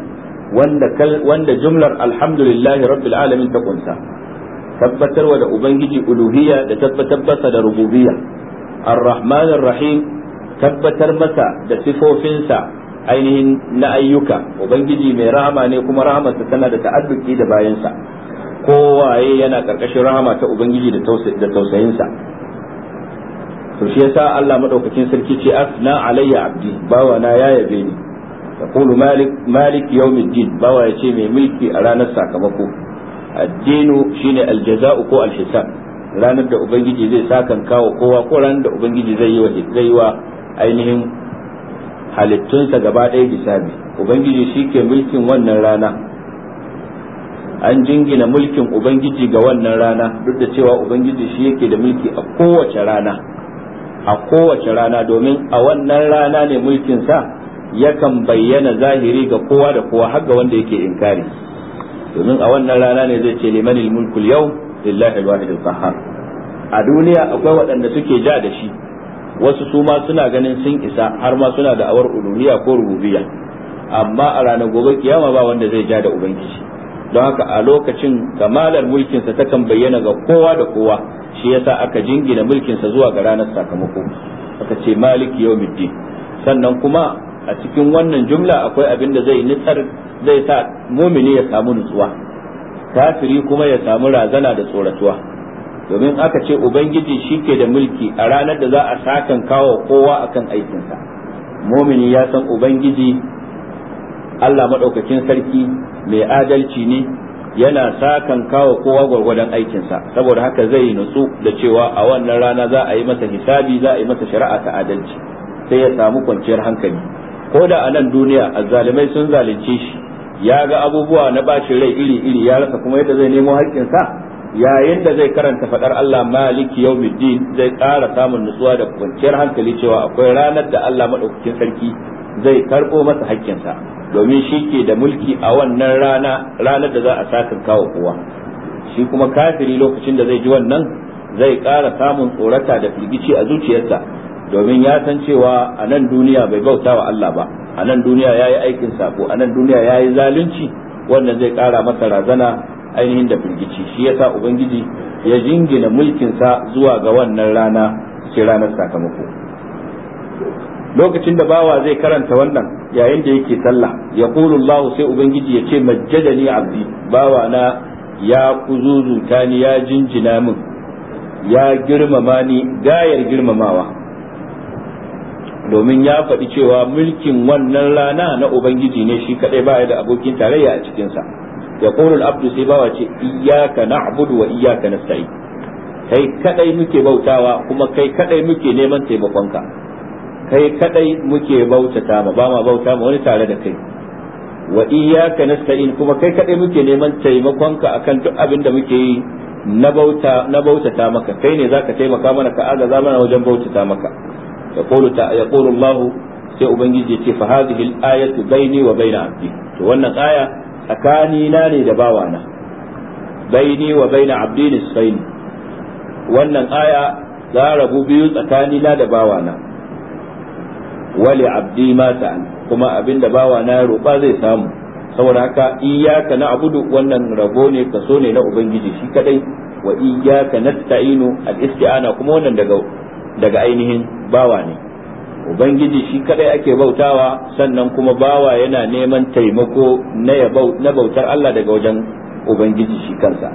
wanda, jumlar alhamdulillahi rabbil alamin ta kunsa tabbatarwa da ubangiji uluhiya da tabbatarwa da rububiyya ar rahim tabbatar masa da sifofinsa ainihin na ayyuka ubangiji mai rahama ne kuma rahamarsa tana da ta'adduki da bayansa kowaye yana karkashin rahama ta ubangiji da tausayinsa to shi yasa Allah madaukakin sarki ce asna alayya abdi bawa na ya yabe ni yaqulu malik malik yawmiddin bawa ya ce mai mulki a ranar sakamako addinu shine aljaza'u ko alhisab ranar da ubangiji zai sakan kawo kowa ko ranar da ubangiji zai yi wa ainihin halittunsa gaba ɗaya hisabi ubangiji shi ke mulkin wannan rana an jingina mulkin ubangiji ga wannan rana duk da cewa ubangiji shi yake da mulki a kowace rana a kowace rana domin a wannan rana ne mulkinsa yakan bayyana zahiri ga kowa da kowa har ga wanda yake inkari domin a wannan rana ne zai ce limanil mulkul yau lillahi alwahid alqahhar a duniya akwai waɗanda suke ja da shi wasu su ma suna ganin sun isa har ma suna da awar uluhiyya ko rububiya, amma a ranar gobe kiyama ba wanda zai ja da ubangiji don haka a lokacin kamalar mulkinsa takan bayyana ga kowa da kowa shi yasa aka jingina mulkinsa zuwa ga ranar sakamako aka ce maliki yawmiddin sannan kuma a cikin wannan jumla akwai abin da zai nitsar zai sa mumini ya samu nutsuwa kafiri kuma ya samu razana da tsoratuwa domin aka ce ubangiji shi ke da mulki a ranar da za a sakan kawo kowa akan aikinsa momini ya san ubangiji Allah maɗaukakin sarki mai adalci ne yana sakan kawo kowa gwargwadon aikinsa saboda haka zai nutsu da cewa a wannan rana za a yi masa hisabi za a yi masa shari'a ta adalci sai ya samu kwanciyar hankali ko da a nan duniya azzalimai sun zalunce shi ya ga abubuwa na bacin rai iri iri ya rasa kuma yadda zai nemo haƙƙinsa yayin da zai karanta fadar Allah maliki yawmiddin zai ƙara samun nutsuwa da kwanciyar hankali cewa akwai ranar da Allah madaukakin sarki zai karɓo masa haƙƙinsa domin shi ke da mulki a wannan rana ranar da za a sakin kawo kowa shi kuma kafiri lokacin da zai ji wannan zai ƙara samun tsorata da firgici a zuciyarsa domin ya san cewa a nan duniya bai bauta wa Allah ba a nan duniya ya yi aikin sako a nan duniya ya yi zalunci wannan zai ƙara masa razana ainihin da firgici shi yasa ubangiji ya jingina mulkinsa zuwa ga wannan rana ce ranar sakamako lokacin da bawa zai karanta wannan yayin da yake sallah ya Allahu sai ubangiji ya ce majjadani abdi bawa na ya kuzuzuta ni ya jinjina min ya girmama ni gayar girmamawa domin ya faɗi cewa mulkin wannan rana na ubangiji ne shi kaɗai baya da abokin tarayya a cikinsa yaqulu al-abdu sai bawa ce iyyaka na'budu wa iyyaka nasta'in kai kadai muke bautawa kuma kai kadai muke neman taimakonka kai kadai muke bautata ma ba ma bauta ma wani tare da kai wa iyyaka nasta'in kuma kai kadai muke neman taimakonka akan duk abin da muke yi na bauta na bautata maka kai ne zaka taimaka mana ka agaza mana wajen bautata maka yaqulu ta yaqulu Allah sai ubangiji ya ce fa hadhihi al-ayatu bayni wa bayna abdi to wannan aya tsakanina ne da bawana baini wa baina abdi nisfaini wannan aya za rabu biyu tsakanina da bawana wali abdi ma kuma abin da bawana ya roƙa zai samu saboda haka iyyaka abudu wannan rabo ne kaso ne na ubangiji shi kadai wa na nasta'inu al-isti'ana kuma wannan daga daga ainihin bawa ne ubangiji shi kadai ake bautawa sannan kuma bawa yana neman taimako na bautar Allah daga wajen ubangiji shi kansa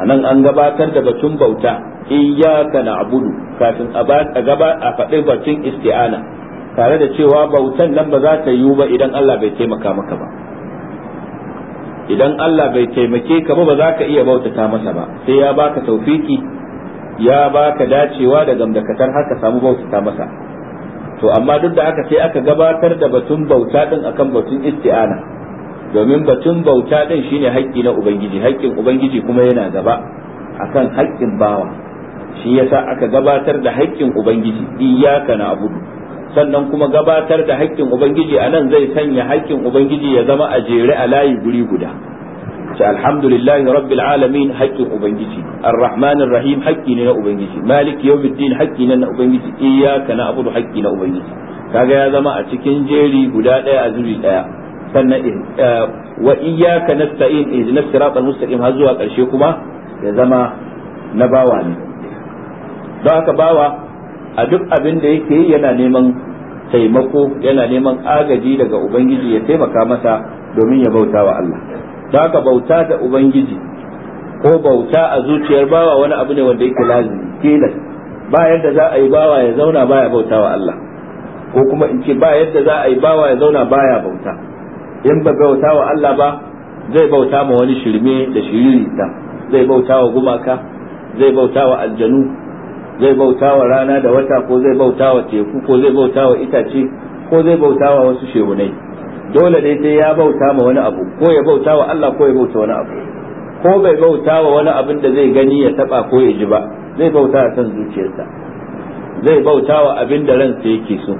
a nan an gabatar da batun bauta iyyaka na'budu kafin a gaba a faɗi batun isti'ana tare da cewa bautan nan ba za ta yiwu ba idan Allah bai taimaka maka ba idan Allah bai taimake ka ba ba za ka iya bautata masa ba sai ya baka taufiki ya baka dacewa da gamdakatar ka samu bautata masa to amma duk da aka sai aka gabatar da batun bauta din akan batun isti'ana domin batun bauta din shine haƙƙi na ubangiji haƙƙin ubangiji kuma yana gaba akan haƙƙin bawa shi yasa aka gabatar da haƙƙin ubangiji iyyaka na'budu sannan kuma gabatar da haƙƙin ubangiji anan zai sanya haƙƙin ubangiji ya zama a jere a layi guri guda ce alhamdulillahi rabbil alamin haƙƙin ubangiji arrahmanir rahim haƙƙi ne na ubangiji malik yawmiddin haƙƙi ne na ubangiji iyyaka na'budu haƙƙi na ubangiji kaga ya zama a cikin jeri guda ɗaya a zuri ɗaya sannan eh, wa iyyaka nasta'in ihdinas siratal mustaqim har zuwa ƙarshe kuma ya zama na bawa ne don haka bawa a duk abin da yake yana neman taimako yana neman agaji daga ubangiji ya taimaka masa domin ya bauta wa Allah baka bauta da ubangiji ko bauta a zuciyar bawa wani abu ne wanda yake lazimi tilas ba yadda za a yi bawa ya zauna baya bauta wa Allah ko kuma in ce ba yadda za a yi bawa ya zauna baya bauta in ba bauta wa Allah ba zai bauta ma wani shirme da ta zai bauta wa gumaka zai bauta wa aljanu zai bauta wa rana da wata ko zai bauta wa teku ko zai bauta wa itace ko zai bauta wa wasu shehunai dole ne sai ya bauta ma wani abu ko ya bauta wa Allah ko ya bauta wani abu ko bai bauta wa wani abin da zai gani ya taba ko ya ji ba zai bauta a san zuciyarsa zai bauta wa abin da ransa yake so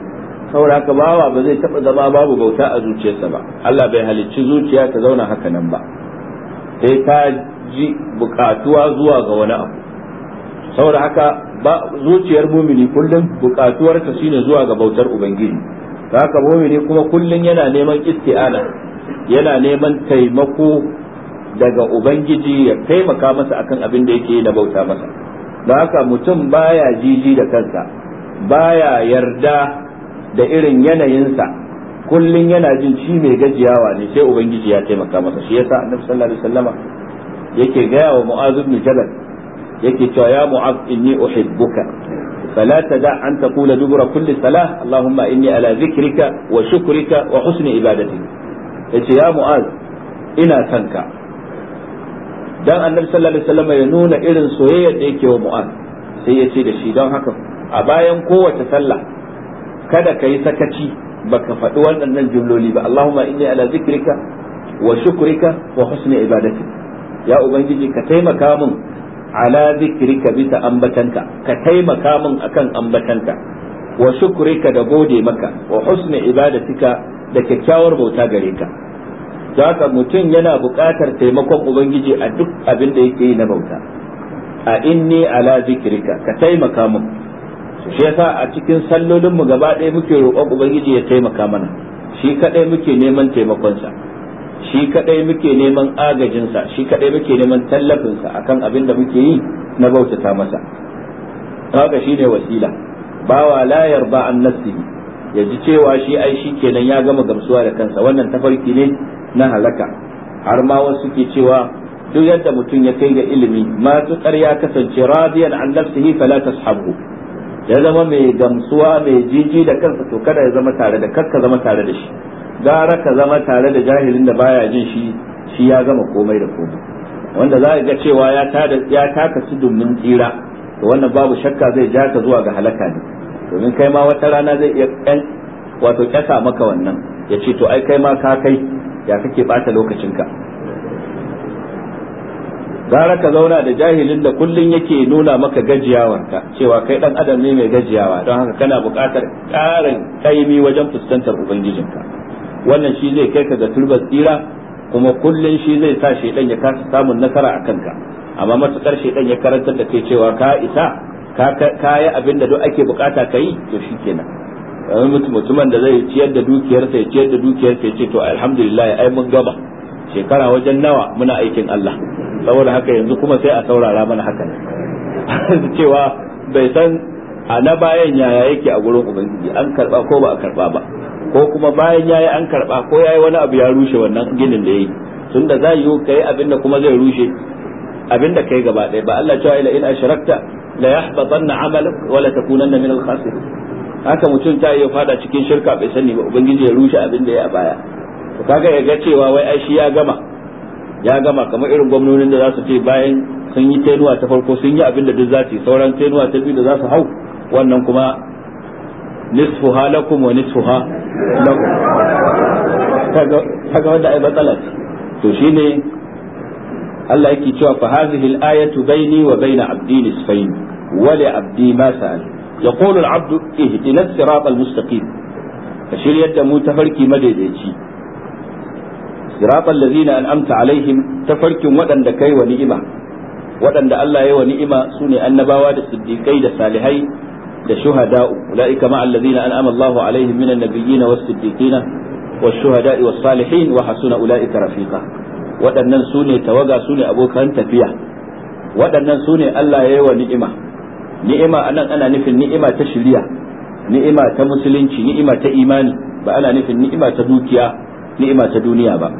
saboda haka bawa ba zai taba zama babu bauta a zuciyarsa ba Allah bai halicci zuciya ta zauna haka nan ba sai ta ji bukatuwa zuwa ga wani abu saboda haka zuciyar mumini kullum bukatuwarta shine zuwa ga bautar ubangiji haka mumini kuma kullum yana neman isti'ana yana neman taimako daga ubangiji ya taimaka masa akan abin da yake na bauta masa don haka mutum baya jiji da kansa baya yarda da irin yanayinsa kullum yana jin ci mai gajiyawa ne sai ubangiji ya taimaka masa shi yasa annabi sallallahu alaihi wasallama yake gaya wa mu'azu bin jabal yake cewa ya mu'az inni uhibbuka fala tada an taqula dubura kulli salah allahumma inni ala zikrika wa shukrika wa husni ibadati yace ya mu'az ina kanka dan annabi sallallahu alaihi wasallam ya nuna irin soyayya da yake wa mu'az sai ya ce da shi don haka a bayan kowace sallah kada ka yi sakaci baka faɗi waɗannan jumloli ba Allahumma inni ala wa wa husni ya ubangiji ka taimaka mun. ala zikrika bisa ambatanka ka taimaka min akan ambatanka wa shukrika da gode maka wa husni ibadatika da kyakkyawar bauta gare ka haka mutum yana buƙatar taimakon ubangiji a duk abin da yake yi na bauta a inni ala zikrika ka taimaka min shi yasa a cikin sallolin mu gaba ɗaya muke roƙon ubangiji ya taimaka mana shi kaɗai muke neman taimakonsa shi kadai muke neman agajinsa shi kadai muke neman tallafinsa akan abin da muke yi na bautata masa kaga ne wasila bawa la yarba an nafsihi ya ji cewa shi ai shi kenan ya gama gamsuwa da kansa wannan tafarki ne na halaka har ma wasu ke cewa duk yadda mutum ya kai ga ilimi matuƙar ya kasance radiyan an nafsihi fala tashabu ya zama mai gamsuwa mai jiji da kansa to kada ya zama tare da kakka zama tare da shi gara ka zama tare da jahilin da baya jin shi shi ya gama komai da komai wanda za ga cewa ya tada ya taka domin tsira to wannan babu shakka zai ja ka zuwa ga halaka ne domin kai ma wata rana zai iya kan wato kasa maka wannan ya ce to ai kai ma ka kai ya kake bata lokacinka gara ka zauna da jahilin da kullun yake nuna maka gajiyawarka cewa kai dan adam ne mai gajiyawa don haka kana buƙatar ƙarin kaimi wajen fuskantar ubangijinka wannan shi zai kai ka ga turba tsira kuma kullun shi zai sa shedan ya kasa samun nasara a kanka amma matukar shedan ya karantar da kai cewa ka isa ka yi abin da duk ake bukata ka yi to shi shikenan mutumin da zai ciyar da dukiyarsa ya ciyar da dukiyarsa ya ce to alhamdulillah ai mun gaba. shekara wajen nawa muna aikin Allah saboda haka yanzu kuma sai a saurara mana haka cewa bai san a na bayan yaya yake a gurin ubangiji an karba ko ba a karba ba ko kuma bayan yayi an karba ko yayi wani abu ya rushe wannan ginin da yayi tunda za yi kai abin da kuma zai rushe abin da kai gaba ɗaya ba Allah cewa ila in asharakta la yahbatanna amalak wa la takunanna min al-khasirin haka mutum ta iya fada cikin shirka bai sani ba ubangiji ya rushe abin da ya baya to kaga ya ga cewa wai ai shi ya gama ya gama kamar irin gwamnonin da za su ce bayan sun yi tenuwa ta farko sun yi abin da duk za su sauran tenuwa ta biyu da za su hau wannan kuma nisfuha lakum wa nisfuha lakum kaga wanda ai matsala to shine Allah yake cewa fa hadhihi al-ayatu bayni wa bayna abdi nisfayn wa li abdi ma sa'al yaqulu al-abdu ihdina as-sirata al-mustaqim ka shiryar da mu tafarki madaidaici siratal ladzina an'amta alaihim tafarkin waɗanda kai wa ni'ima waɗanda Allah wa ni'ima sune annabawa da siddiqai da salihai da shuhada'u ulaika ma alladzina an'ama Allahu alaihim wa hasuna ulaika rafiqa waɗannan sune tawaga sune abokan tafiya waɗannan sune Allah ya yi wa ni'ima ni'ima anan ana nufin ni'ima ta ni'ima ta musulunci ni'ima ta imani ba ana nufin ni'ima ta dukiya ni'ima ta duniya ba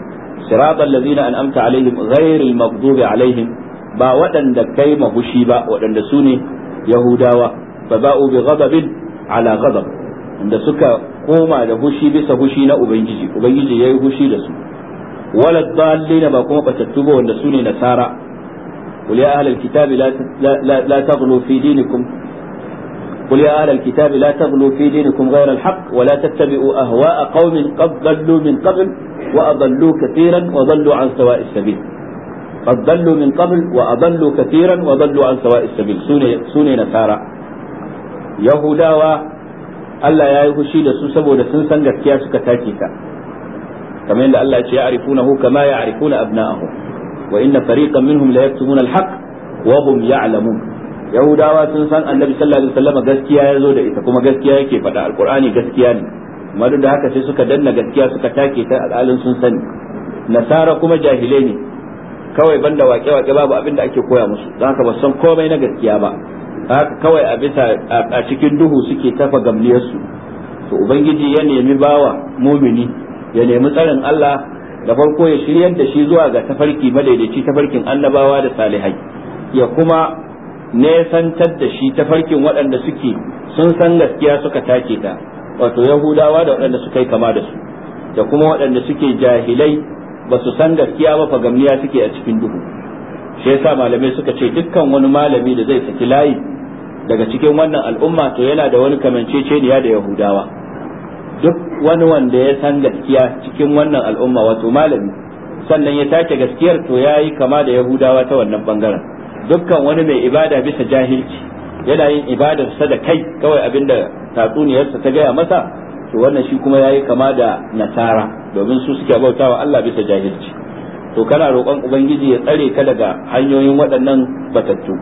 sirabar lazina an'amta alaihim ghairil maghdubi alaihim ba waɗanda kai ma mahushi ba waɗanda su ne yahudawa fa ba'u bi ghadabin ala ghadab inda suka koma da hushi bisa hushi na ubangiji ubangiji yayi hushi da su wala dallina ba kuma batattu ba wanda su ne nasara qul ya ahlal kitabi la la taghlu fi قل يا أهل الكتاب لا تغلوا في دينكم غير الحق ولا تتبعوا أهواء قوم قد ضلوا من قبل وأضلوا كثيرا وضلوا عن سواء السبيل قد ضلوا من قبل وأضلوا كثيرا وضلوا عن سواء السبيل سوني نسارة يهودا و الله يا يهوشي لسوسب ودسنسن قتياس كتاكيكا كمان لألا يعرفونه كما يعرفون أبناءه وإن فريقا منهم ليكتبون الحق وهم يعلمون yahudawa sun san annabi sallallahu alaihi wasallam gaskiya ya zo da ita kuma gaskiya yake faɗa alqur'ani gaskiya ne amma da haka sai suka danna gaskiya suka take ta al'alin sun sani nasara kuma jahilai ne kawai banda wake-wake babu abin da ake koya musu don haka ba san komai na gaskiya ba haka kawai a bisa a cikin duhu suke tafa gamliyarsu to ubangiji ya nemi bawa mumini ya nemi tsarin Allah da farko ya shiryar da shi zuwa ga tafarki madaidaici tafarkin annabawa da salihai ya kuma nesantar da shi ta farkin waɗanda suke sun san gaskiya suka take ta wato yahudawa da waɗanda suka yi kama da su da kuma waɗanda suke jahilai ba su san gaskiya ba fagamniya suke a cikin duhu shi yasa malamai suka ce dukkan wani malami da zai saki layi daga cikin wannan al'umma to yana da wani kamanceceniya da yahudawa duk wani wanda ya san gaskiya cikin wannan al'umma wato malami sannan ya take gaskiyar to ya yi kama da yahudawa ta wannan bangaren dukkan wani mai ibada bisa jahilci yana yin ibadarsa da kai kawai abinda tatsuniyarsa ta gaya masa to wannan shi kuma yayi kama da nasara domin su suke bautawa Allah bisa jahilci to kana roƙon ubangiji ya tsare ka daga hanyoyin waɗannan batattu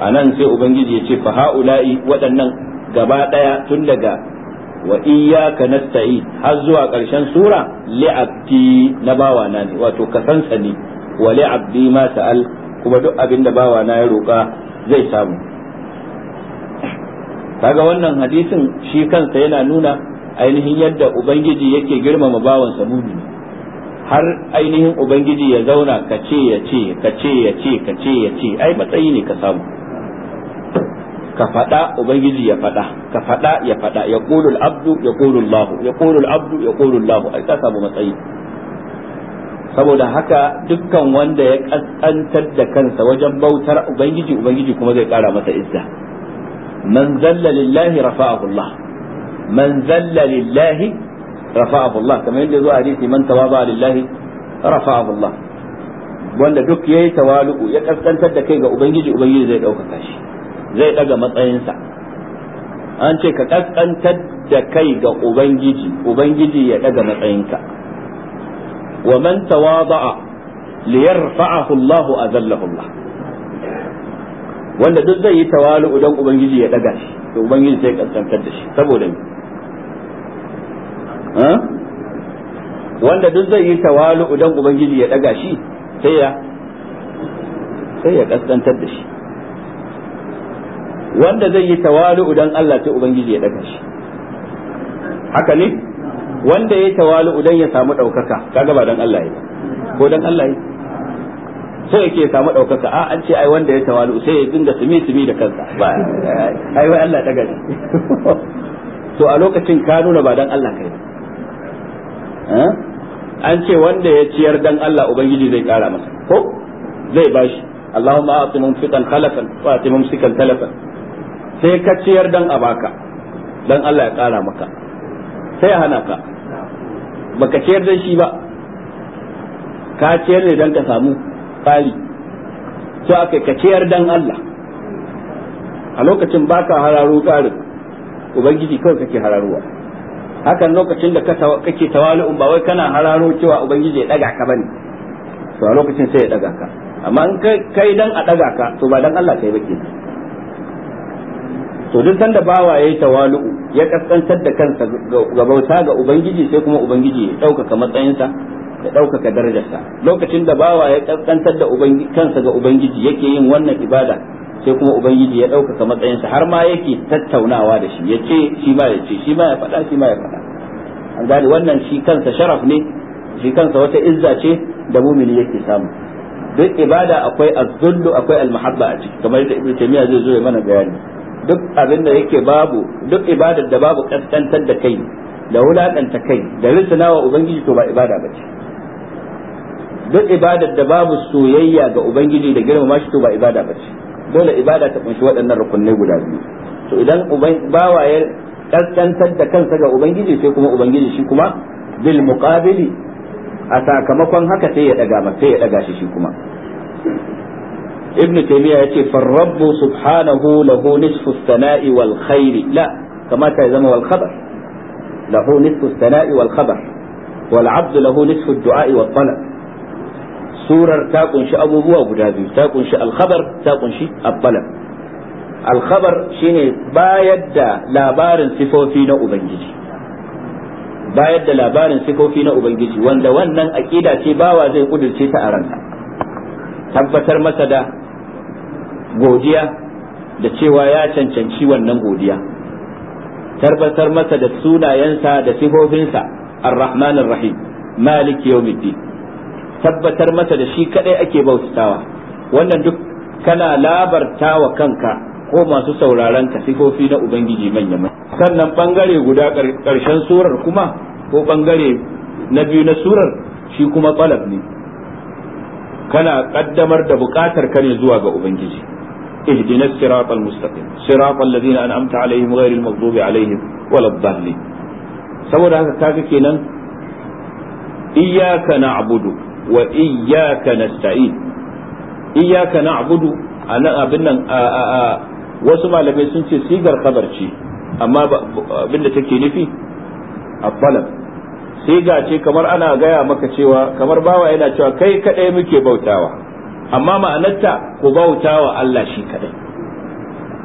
a nan sai ubangiji ya ce fa ha'ula'i waɗannan gaba ɗaya tun daga wa iyyaka nasta'i har zuwa ƙarshen sura li'abdi na bawana ne wato ka sansa ne wa li'abdi ma sa'al kuma duk abin da bawa na ya roƙa zai samu kaga wannan hadisin shi kansa yana nuna ainihin yadda ubangiji yake girmama bawansa mumini har ainihin ubangiji ya zauna ka ce ya ce ka ce ya ce ka ce ya ce ai matsayi ne ka samu ka faɗa ubangiji ya faɗa ka faɗa ya faɗa ya abdu ya qulul lahu ya abdu ya lahu ai ka samu matsayi saboda haka dukkan wanda ya kaskantar da kansa wajen bautar ubangiji ubangiji kuma zai kara masa izza man zalla lillahi rafa'ahu Allah man zalla lillahi rafa'ahu Allah kamar yadda zuwa hadisi man tawaba lillahi rafa'ahu Allah wanda duk yayi tawalu ya kaskantar da kai ga ubangiji ubangiji zai dauka shi zai daga matsayinsa an ce ka kaskantar da kai ga ubangiji ubangiji ya daga matsayinka wa man tawada'a liyarfa'ahu Allahu azallahu Allah wanda duk zai yi tawalu idan ubangiji ya daga shi to ubangiji zai kaskantar da shi saboda ni. wanda duk zai yi tawalu idan ubangiji ya daga shi sai ya sai ya kaskantar da shi wanda zai yi tawalu idan Allah sai ubangiji ya daga shi haka ne wanda ya tawalu dan ya samu ɗaukaka kaga ba dan Allah ya ko dan Allah ya sai yake ya samu ɗaukaka a an ce ai wanda ya tawalu sai ya dinga sumi sumi da kansa ba ai wai Allah ta gani to a lokacin ka nuna ba dan Allah kai eh? an ce wanda ya ciyar dan Allah ubangiji zai kara masa ko zai bashi Allahumma a'ti mumsikan khalafan wa a'ti mumsikan talafan sai ka ciyar dan abaka dan Allah ya kara maka sai ya hana ka baka ciyar da shi ba ka ciyar ne don ka samu fali so aka ka ciyar dan Allah a lokacin baka hararo tsarin ubangiji kawai kake hararuwa hakan lokacin da kake tawali'un ba wai kana hararo cewa ubangiji ya daga ka bane to a lokacin sai ya daga ka amma in kai dan a daga ka to ba dan Allah kai ba kenan to duk sanda bawa yayi tawalu'u ya kaskantar da kansa ga bauta ga ubangiji sai kuma ubangiji ya ɗaukaka matsayinsa ya ɗaukaka darajarsa lokacin da bawa ya kaskantar da kansa ga ubangiji yake yin wannan ibada sai kuma ubangiji ya ɗaukaka matsayinsa har ma yake tattaunawa da shi ya ce shi ma ya ce shi ma ya faɗa shi ma ya faɗa an gane wannan shi kansa sharaf ne shi kansa wata izza ce da mumini yake samu duk ibada akwai azzullu akwai almahabba a ciki kamar yadda ibnu taymiya zai zo ya mana bayani duk abin da yake babu duk ibadar da babu kaskantar da kai da wulakanta kai da risana wa ubangiji to ba ibada bace duk ibadar da babu soyayya ga ubangiji da girmama shi to ba ibada bace dole ibada ta kunshi waɗannan rukunai guda biyu to idan bawa ya kaskantar da kansa ga ubangiji sai kuma ubangiji shi kuma bil muqabili a sakamakon haka sai ya daga sai ya daga shi shi kuma ibnu taymiya yace farrabb subhanahu lahu nisfu as-sana'i wal la kamata ya zama wal khabar lahu nisfu as-sana'i wal khabar surar ta kunshi abubuwa guda biyu ta kunshi al-khabar ta kunshi al shine bayar da labarin sifofi na ubangiji bayar da labarin ubangiji wanda wannan aƙida ce bawa zai kudurce ta a ransa tabbatar masa da godiya da cewa ya cancanci wannan godiya tabbatar masa da sunayensa da sifofinsa ar-rahman ar-rahim malik yawmiddin tabbatar masa da shi kadai ake bautawa wannan duk kana labarta wa kanka ko masu sauraron ka sifofi na ubangiji manya mai sannan bangare guda karshen surar kuma ko bangare na biyu na surar shi kuma balab ne kana ƙaddamar da buƙatar ka ne zuwa ga ubangiji اهدنا الصراط المستقيم صراط الذين انعمت عليهم غير المغضوب عليهم ولا الضالين saboda haka kaga kenan iyyaka na'budu wa iyyaka nasta'in iyyaka na'budu anan abin nan wasu malamai sun ce sigar kabar ce amma abinda take nufi a siga ce kamar ana gaya maka cewa kamar bawa yana cewa kai kadai muke bautawa amma ma'anarta ku bauta wa Allah shi kadai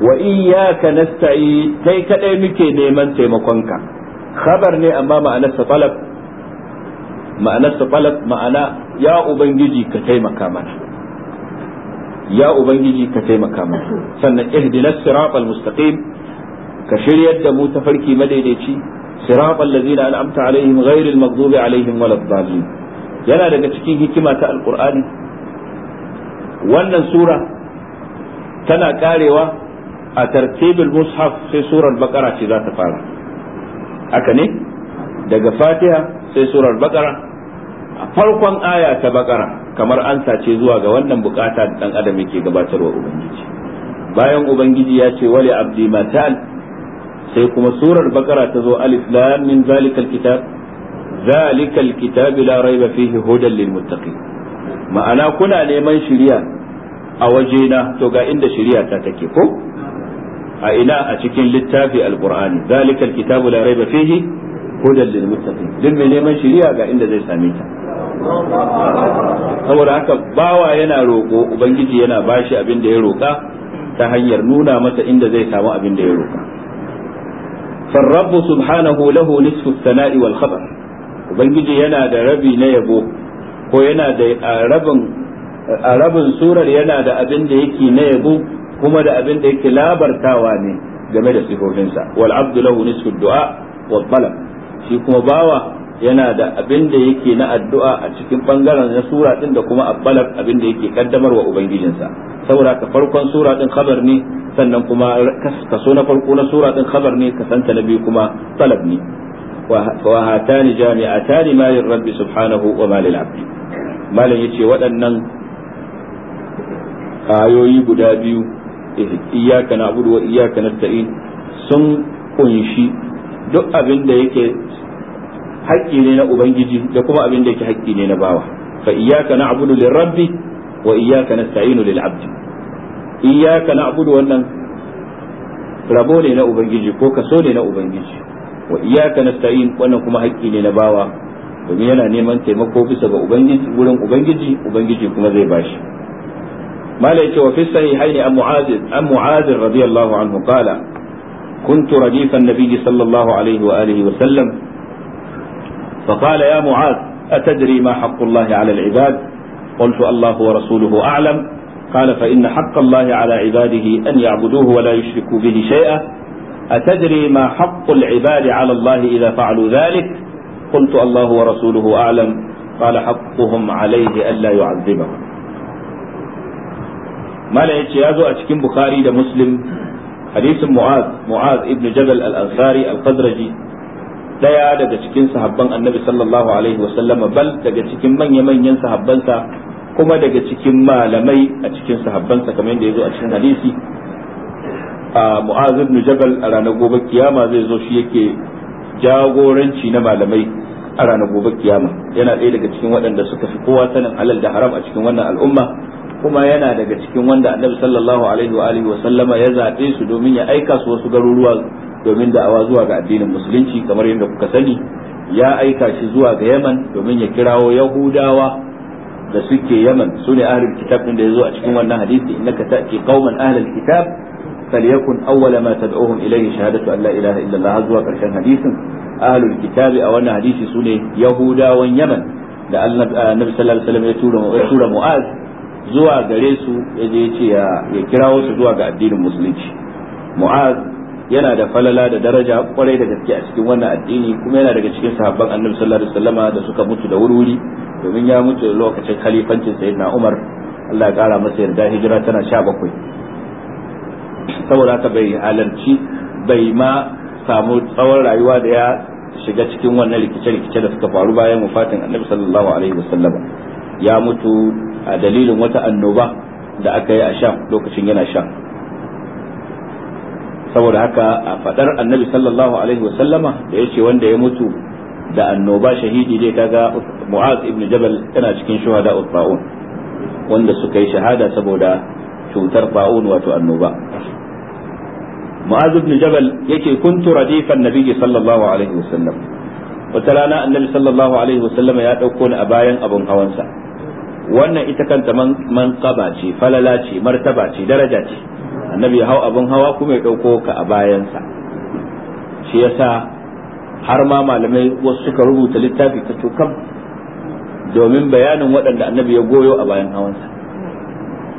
wa iyyaka nasta'in kai kadai muke neman taimakonka khabar ne amma ma'anarsa talab ma'anarsa talab ma'ana ya ubangiji ka taimaka mana ya ubangiji ka taimaka mana sannan ihdinas siratal mustaqim ka shiryar da mu tafarki madaidaici siratal ladzina an'amta alaihim ghairil maghdubi alaihim waladdallin yana daga cikin hikima ta alqur'ani wannan sura tana karewa a tartibul mushaf sai surar bakara ce za ta fara haka ne daga fatiha sai surar bakara a farkon aya ta bakara kamar an sace zuwa ga wannan bukata da dan adam yake gabatarwa ubangiji bayan ubangiji ya ce wali abdi matal sai kuma surar bakara ta zo alif lam min zalikal kitab zalikal kitab la raiba fihi hudan lil muttaqin ma'ana kuna neman shiriya a wajena to ga inda shiriya ta take ko a ina a cikin littafi alqur'ani zalika alkitabu la rayba fihi hudan lil muttaqin duk mai neman shiriya ga inda zai same ta saboda haka bawa yana roko ubangiji yana bashi abin da ya roka ta hanyar nuna masa inda zai samu abin da ya roka فالرب سبحانه له نصف الثناء والخبر ubangiji yana da rabi na yabo ko yana da a rabin surar yana da abin da yake na yabo kuma da abin da yake labartawa ne game da sifofinsa wal abdu lahu nisfu du'a wa talab shi kuma bawa yana da abin da yake na addu'a a cikin bangaren na sura din da kuma abbalab abin da yake kaddamar wa ubangijinsa saboda ka farkon sura din khabar ne sannan kuma kaso na farko na sura din khabar ne kasanta na biyu kuma talab ne وهاتان جامعتان ما للرب سبحانه وما للعبد ما لن يتي ودنن آيوي biyu. بيو إياك نعبد وإياك نستعين sun kunshi duk abin da yake haƙƙi ne na ubangiji da kuma abin da yake haƙƙi ne na bawa fa iyyaka na'budu lirabbi wa iyyaka nasta'inu lil abdi iyyaka na'budu wannan rabo ne na ubangiji ko kaso ne na ubangiji wa iyyaka nasta'in wannan kuma haƙƙi ne na bawa domin yana neman taimako bisa ga ubangiji wurin ubangiji ubangiji kuma zai bashi malai ce wa fi sahihaini an mu'az an mu'az radiyallahu anhu qala kuntu radifa nabiyyi sallallahu alaihi wa alihi wa sallam fa qala ya mu'az atadri ma haqqu Allah ala al'ibad ibad qultu Allah wa rasuluhu a'lam قال فإن حق الله على عباده أن يعبدوه ولا يشركوا به شيئا أتدري ما حق العباد على الله إذا فعلوا ذلك قلت الله ورسوله أعلم قال حقهم عليه ألا يعذبهم ما لا يتشيازو أشكين بخاري لمسلم حديث معاذ معاذ ابن جبل الأنصاري القدرجي لا يعد أشكين صحبان النبي صلى الله عليه وسلم بل أشكين من يمين ينسى حبانسا كما أشكين ما لمي أشكين صحبانسا كما يزو أشكين حديثي a mu'az ibn jabal a ranar gobe kiyama zai zo shi yake jagoranci na malamai a ranar gobe kiyama yana ɗaya daga cikin waɗanda suka fi kowa sanin halal da haram a cikin wannan al'umma kuma yana daga cikin wanda annabi sallallahu alaihi wa alihi wa sallama ya zaɓe su domin ya aika su wasu garuruwa domin da'awa zuwa ga addinin musulunci kamar yadda kuka sani ya aika shi zuwa ga yaman domin ya kirawo yahudawa da suke yaman su ne ahlul kitab din da ya zo a cikin wannan hadisi innaka ta'ti qauman ahlul kitab فليكن أول ما تدعوهم إليه شهادة أن لا إله إلا الله عز وجل كان حديث أهل الكتاب أو أن حديث سنة يهودا واليمن لأن النبي صلى الله عليه وسلم يتولى مؤاذ زوى قريس يجيتي ya je ya kirawo مؤاذ yana da falala da daraja kwarai da gaske a cikin wannan addini kuma yana daga cikin sahabban annabi sallallahu alaihi wasallam da suka mutu da wuri domin ya mutu lokacin khalifancin sayyidina umar Allah ya kara masa yarda hijira tana 17 saboda haka bai halarci bai ma samu tsawon rayuwa da ya shiga cikin wannan rikice-rikice da suka faru bayan wafatin annabi sallallahu alaihi wasallam ya mutu a dalilin wata annoba da aka yi a sha lokacin yana sha. saboda haka a fadar annabi sallallahu alaihi wasallama da ya ce wanda ya mutu da annoba shahidi dai kaga mu'az ibn jabal yana cikin shuhada usraun wanda suka yi shahada saboda cutar ba'un wato annoba mu'az ibn jabal yake kuntu radifan nabiyyi sallallahu alaihi wasallam wata rana annabi sallallahu alaihi wasallam ya dauko ni a bayan abun hawansa wannan ita kanta manqaba ce falala ce martaba ce daraja ce annabi ya hau abun hawa kuma ya dauko ka a bayansa shi yasa har ma malamai wasu suka rubuta littafi ta tukam domin bayanin waɗanda annabi ya goyo a bayan hawansa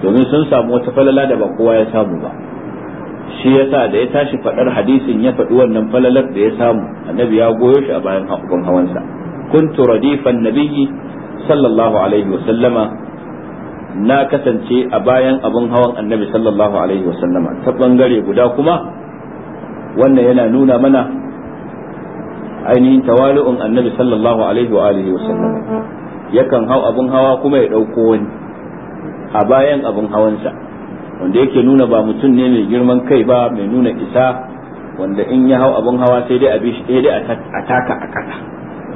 domin sun samu wata falala da ba kowa ya samu ba shi ya sa da ya tashi faɗar hadisin ya faɗi wannan falalar da ya samu annabi ya goyo shi a bayan hawan hawansa kuntu radifan nabiyyi sallallahu alaihi wa sallama na kasance a bayan abun hawan annabi sallallahu alaihi wa sallama ta bangare guda kuma wannan yana nuna mana ainihin tawali'un annabi sallallahu alaihi wa alihi wa sallama yakan hau abun hawa kuma ya ɗauko wani a bayan abin hawansa wanda yake nuna ba mutum ne mai girman kai ba mai nuna isa wanda in ya hau abin hawa sai dai a bi shi dai a taka a kasa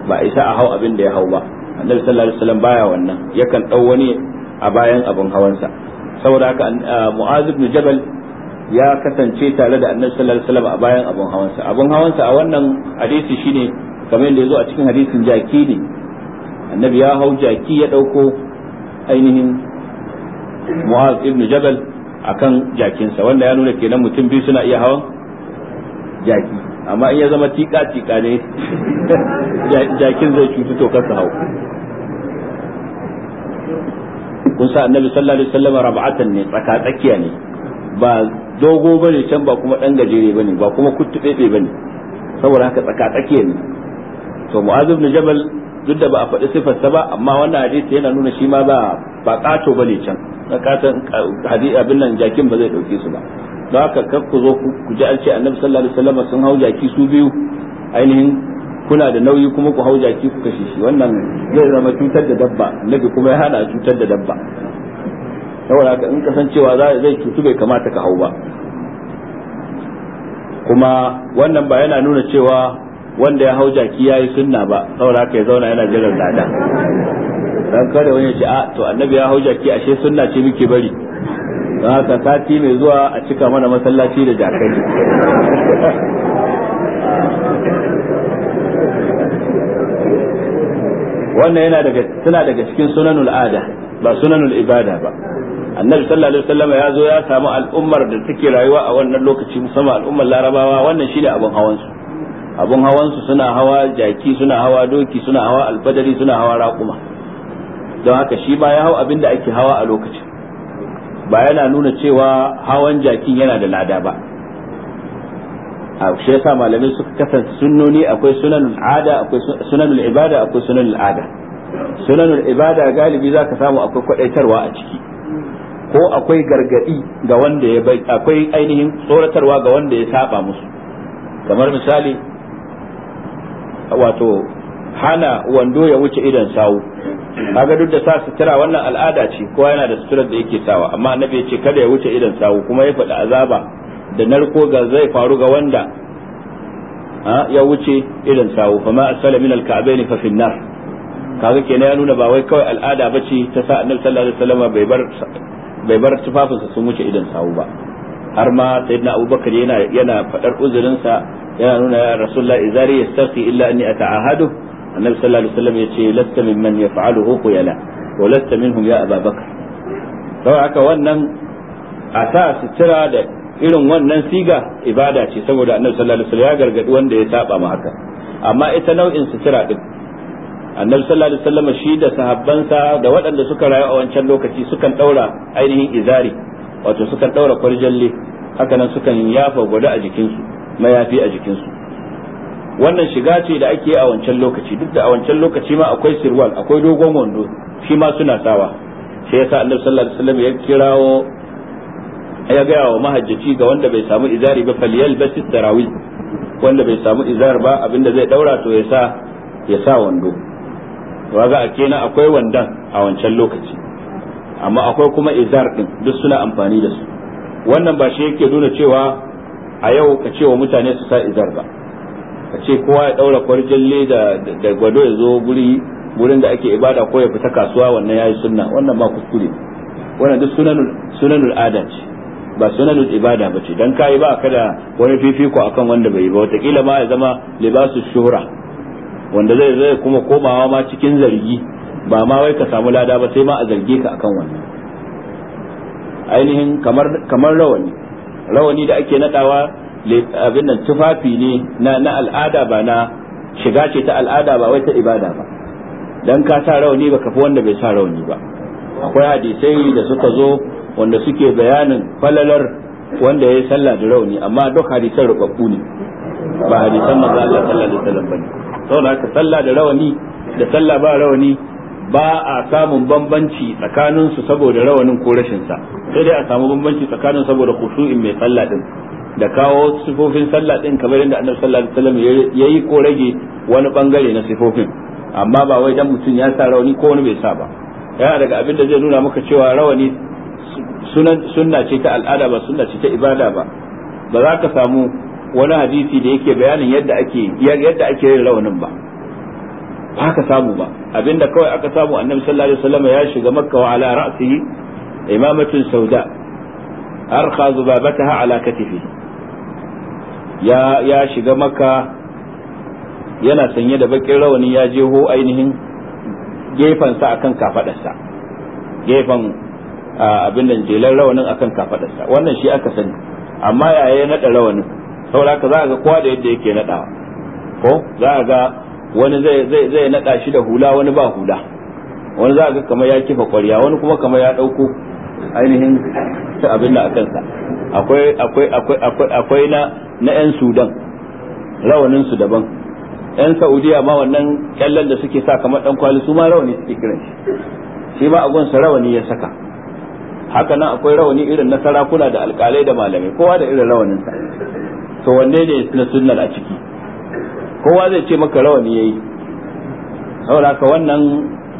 ba isa a hau abin da ya hau ba annabi sallallahu alaihi wasallam baya wannan yakan dau wani a bayan abin hawansa saboda haka mu'az ibn jabal ya kasance tare da annabi sallallahu alaihi wasallam a bayan abin hawansa abin hawansa a wannan hadisi shine kamar yadda yazo a cikin hadisin jaki ne annabi ya hau jaki ya dauko ainihin mu'az ibn jabal akan jakinsa wanda ya nuna kenan mutum biyu suna iya hawan jaki amma in ya zama tika tika ne jakin zai cutu to kansa hau kun sa annabi sallallahu alaihi wasallam rab'atan ne tsaka tsakiya ne ba dogo bane can ba kuma dan gajere bane ba kuma kuttube bane saboda haka tsaka tsakiya ne to mu'az ibn jabal duk da ba a faɗi sifarsa ba amma wannan hadisi yana nuna shi ma ba ba kato bane can na katon hadisi abin nan jakin ba zai dauke su ba don haka kar ku zo ku ji an ce annabi sallallahu alaihi wasallam sun hau jaki su biyu ainihin kuna da nauyi kuma ku hau jaki ku kashe shi wannan zai zama cutar da dabba nabi kuma ya hana cutar da dabba saboda haka in kasancewa zai cutu bai kamata ka hau ba kuma wannan ba yana nuna cewa wanda ya hau jaki ya yi sunna ba saboda haka ya zauna yana jiran lada dan kada wani ce a ah, to annabi ya hau jaki ashe sunna ce muke bari don haka sati mai zuwa a cika mana masallaci da jakai wannan yana daga tana daga cikin sunanul ada ba sunanul ibada ba annabi sallallahu alaihi wasallam ya zo ya samu al'ummar da take rayuwa a wannan lokaci musamman al'ummar larabawa wannan shine abin hawan su abun hawansu suna hawa jaki suna hawa doki suna hawa albadari suna hawa raƙuma don haka shi ba ya hau abin da ake hawa a lokacin ba yana nuna cewa hawan jakin yana da lada ba a shi yasa malamai suka kasance sunnoni akwai sunanul ada akwai sunanul ibada akwai sunanul ada sunanul ibada galibi zaka samu akwai kwadaitarwa a ciki ko akwai gargadi ga wanda ya bai akwai ainihin tsoratarwa ga wanda ya saba musu kamar misali wato hana wando ya wuce idan sawu kaga duk da sa sutura wannan al'ada ce kowa yana da suturar da yake sawa amma annabi ya ce kada ya wuce idan sawu kuma ya faɗi azaba da narko ga zai faru ga wanda ya wuce idan sawu fa ma asala min al-ka'bayn fa fi nar kaga kenan ya nuna ba wai kawai al'ada bace ta sa annabi sallallahu alaihi wasallam bai bar bai bar tufafinsa sun wuce idan sawu ba har ma na abubakar yana yana fadar uzurinsa yana nuna ya rasulullah izari yastaqi illa anni ata'ahadu annabi sallallahu alaihi wasallam yace lasta mimman yaf'aluhu yala wa lasta minhum ya ababakar saboda haka wannan a sa sutura da irin wannan siga ibada ce saboda annabi sallallahu alaihi wasallam ya gargadi wanda ya saba mu haka amma ita nau'in sutura din annabi sallallahu alaihi wasallam shi da sahabbansa da waɗanda suka rayu a wancan lokaci sukan daura ainihin izari wato sukan daura kwarjalle haka nan sukan yafa gwada a jikinsu mayafi a jikinsu wannan shiga ce da ake a wancan lokaci duk da a wancan lokaci ma akwai sirwal akwai dogon wando shi ma suna sawa sai yasa annabi sallallahu alaihi wasallam ya kirawo ya gaya wa mahajjaci ga wanda bai samu izari ba fal yalbas tarawi wanda bai samu izar ba abinda zai daura to ya sa ya sa wando to ga a kenan akwai wandan a wancan lokaci amma akwai kuma izar din duk suna amfani da su wannan ba shi yake nuna cewa a yau ka cewa mutane su sa izar ba ka ce kowa ya daura kwarjin leda da gwado ya zo guri gurin da ake ibada ko ya fita kasuwa wannan yayi sunna wannan ba kuskure wannan duk sunanul sunanul ada ce ba sunanul ibada ba ce dan kai ba kada wani fifiko akan wanda bai ba watakila ma ya zama libasu shuhra wanda zai zai kuma komawa ma cikin zargi ba ma wai ka samu lada ba sai ma a zarge ka akan wannan ainihin kamar kamar rawani rawani da ake nadawa abin nan tufafi ne na na al'ada ba na shiga ce ta al'ada ba wai ta ibada ba dan ka sa rawani ka fi wanda bai sa rawani ba akwai hadisai da suka zo wanda suke bayanin falalar wanda ya yi sallah da rauni amma duk hadisan rubabbu ne ba hadisan manzo Allah sallallahu alaihi wasallam bane saboda haka sallah da rawani da sallah ba rawani ba a samun bambanci tsakanin su saboda rawanin ko rashin sa sai dai a samu bambanci tsakanin saboda khushu'in mai sallah din da kawo sifofin sallah din kamar yadda annabi sallallahu alaihi wasallam yayi ko rage wani bangare na sifofin amma ba wai dan mutum ya sa rawani ko wani bai sa ba yana daga abin da zai nuna maka cewa rawani sunna ce ta al'ada ba sunna ce ta ibada ba ba za ka samu wani hadisi da yake bayanin yadda ake yadda ake yin rawanin ba ba haka samu ba abinda kawai aka samu annabi sallallahu alaihi wasallam ya shiga makka wa ala ra'sihi imamatun sauda arqa zubabataha ala katifi ya ya shiga makka yana sanye da bakin rawani ya je ho ainihin sa akan kafadarsa gefan abin nan jelan rawanin akan kafadarsa wannan shi aka sani amma yaya ya nada rawanin saboda ka za ga kowa da yadda yake nadawa ko za ga wani zai zai zai nada shi da hula wani ba hula wani za ga kamar ya kifa ƙwarya wani kuma kamar ya ɗauko ainihin abin da a kansa akwai akwai akwai akwai akwai na na yan sudan rawanin su daban yan saudiya ma wannan kyallan da suke sa kamar dan kwali su ma rawani suke kiran shi shi ma abun sa rawani ya saka haka nan akwai rawani irin na sarakuna da alkalai da malamai kowa da irin rawanin sa to wanne ne na sunnal a ciki kowa zai ce maka rawani yayi saboda haka wannan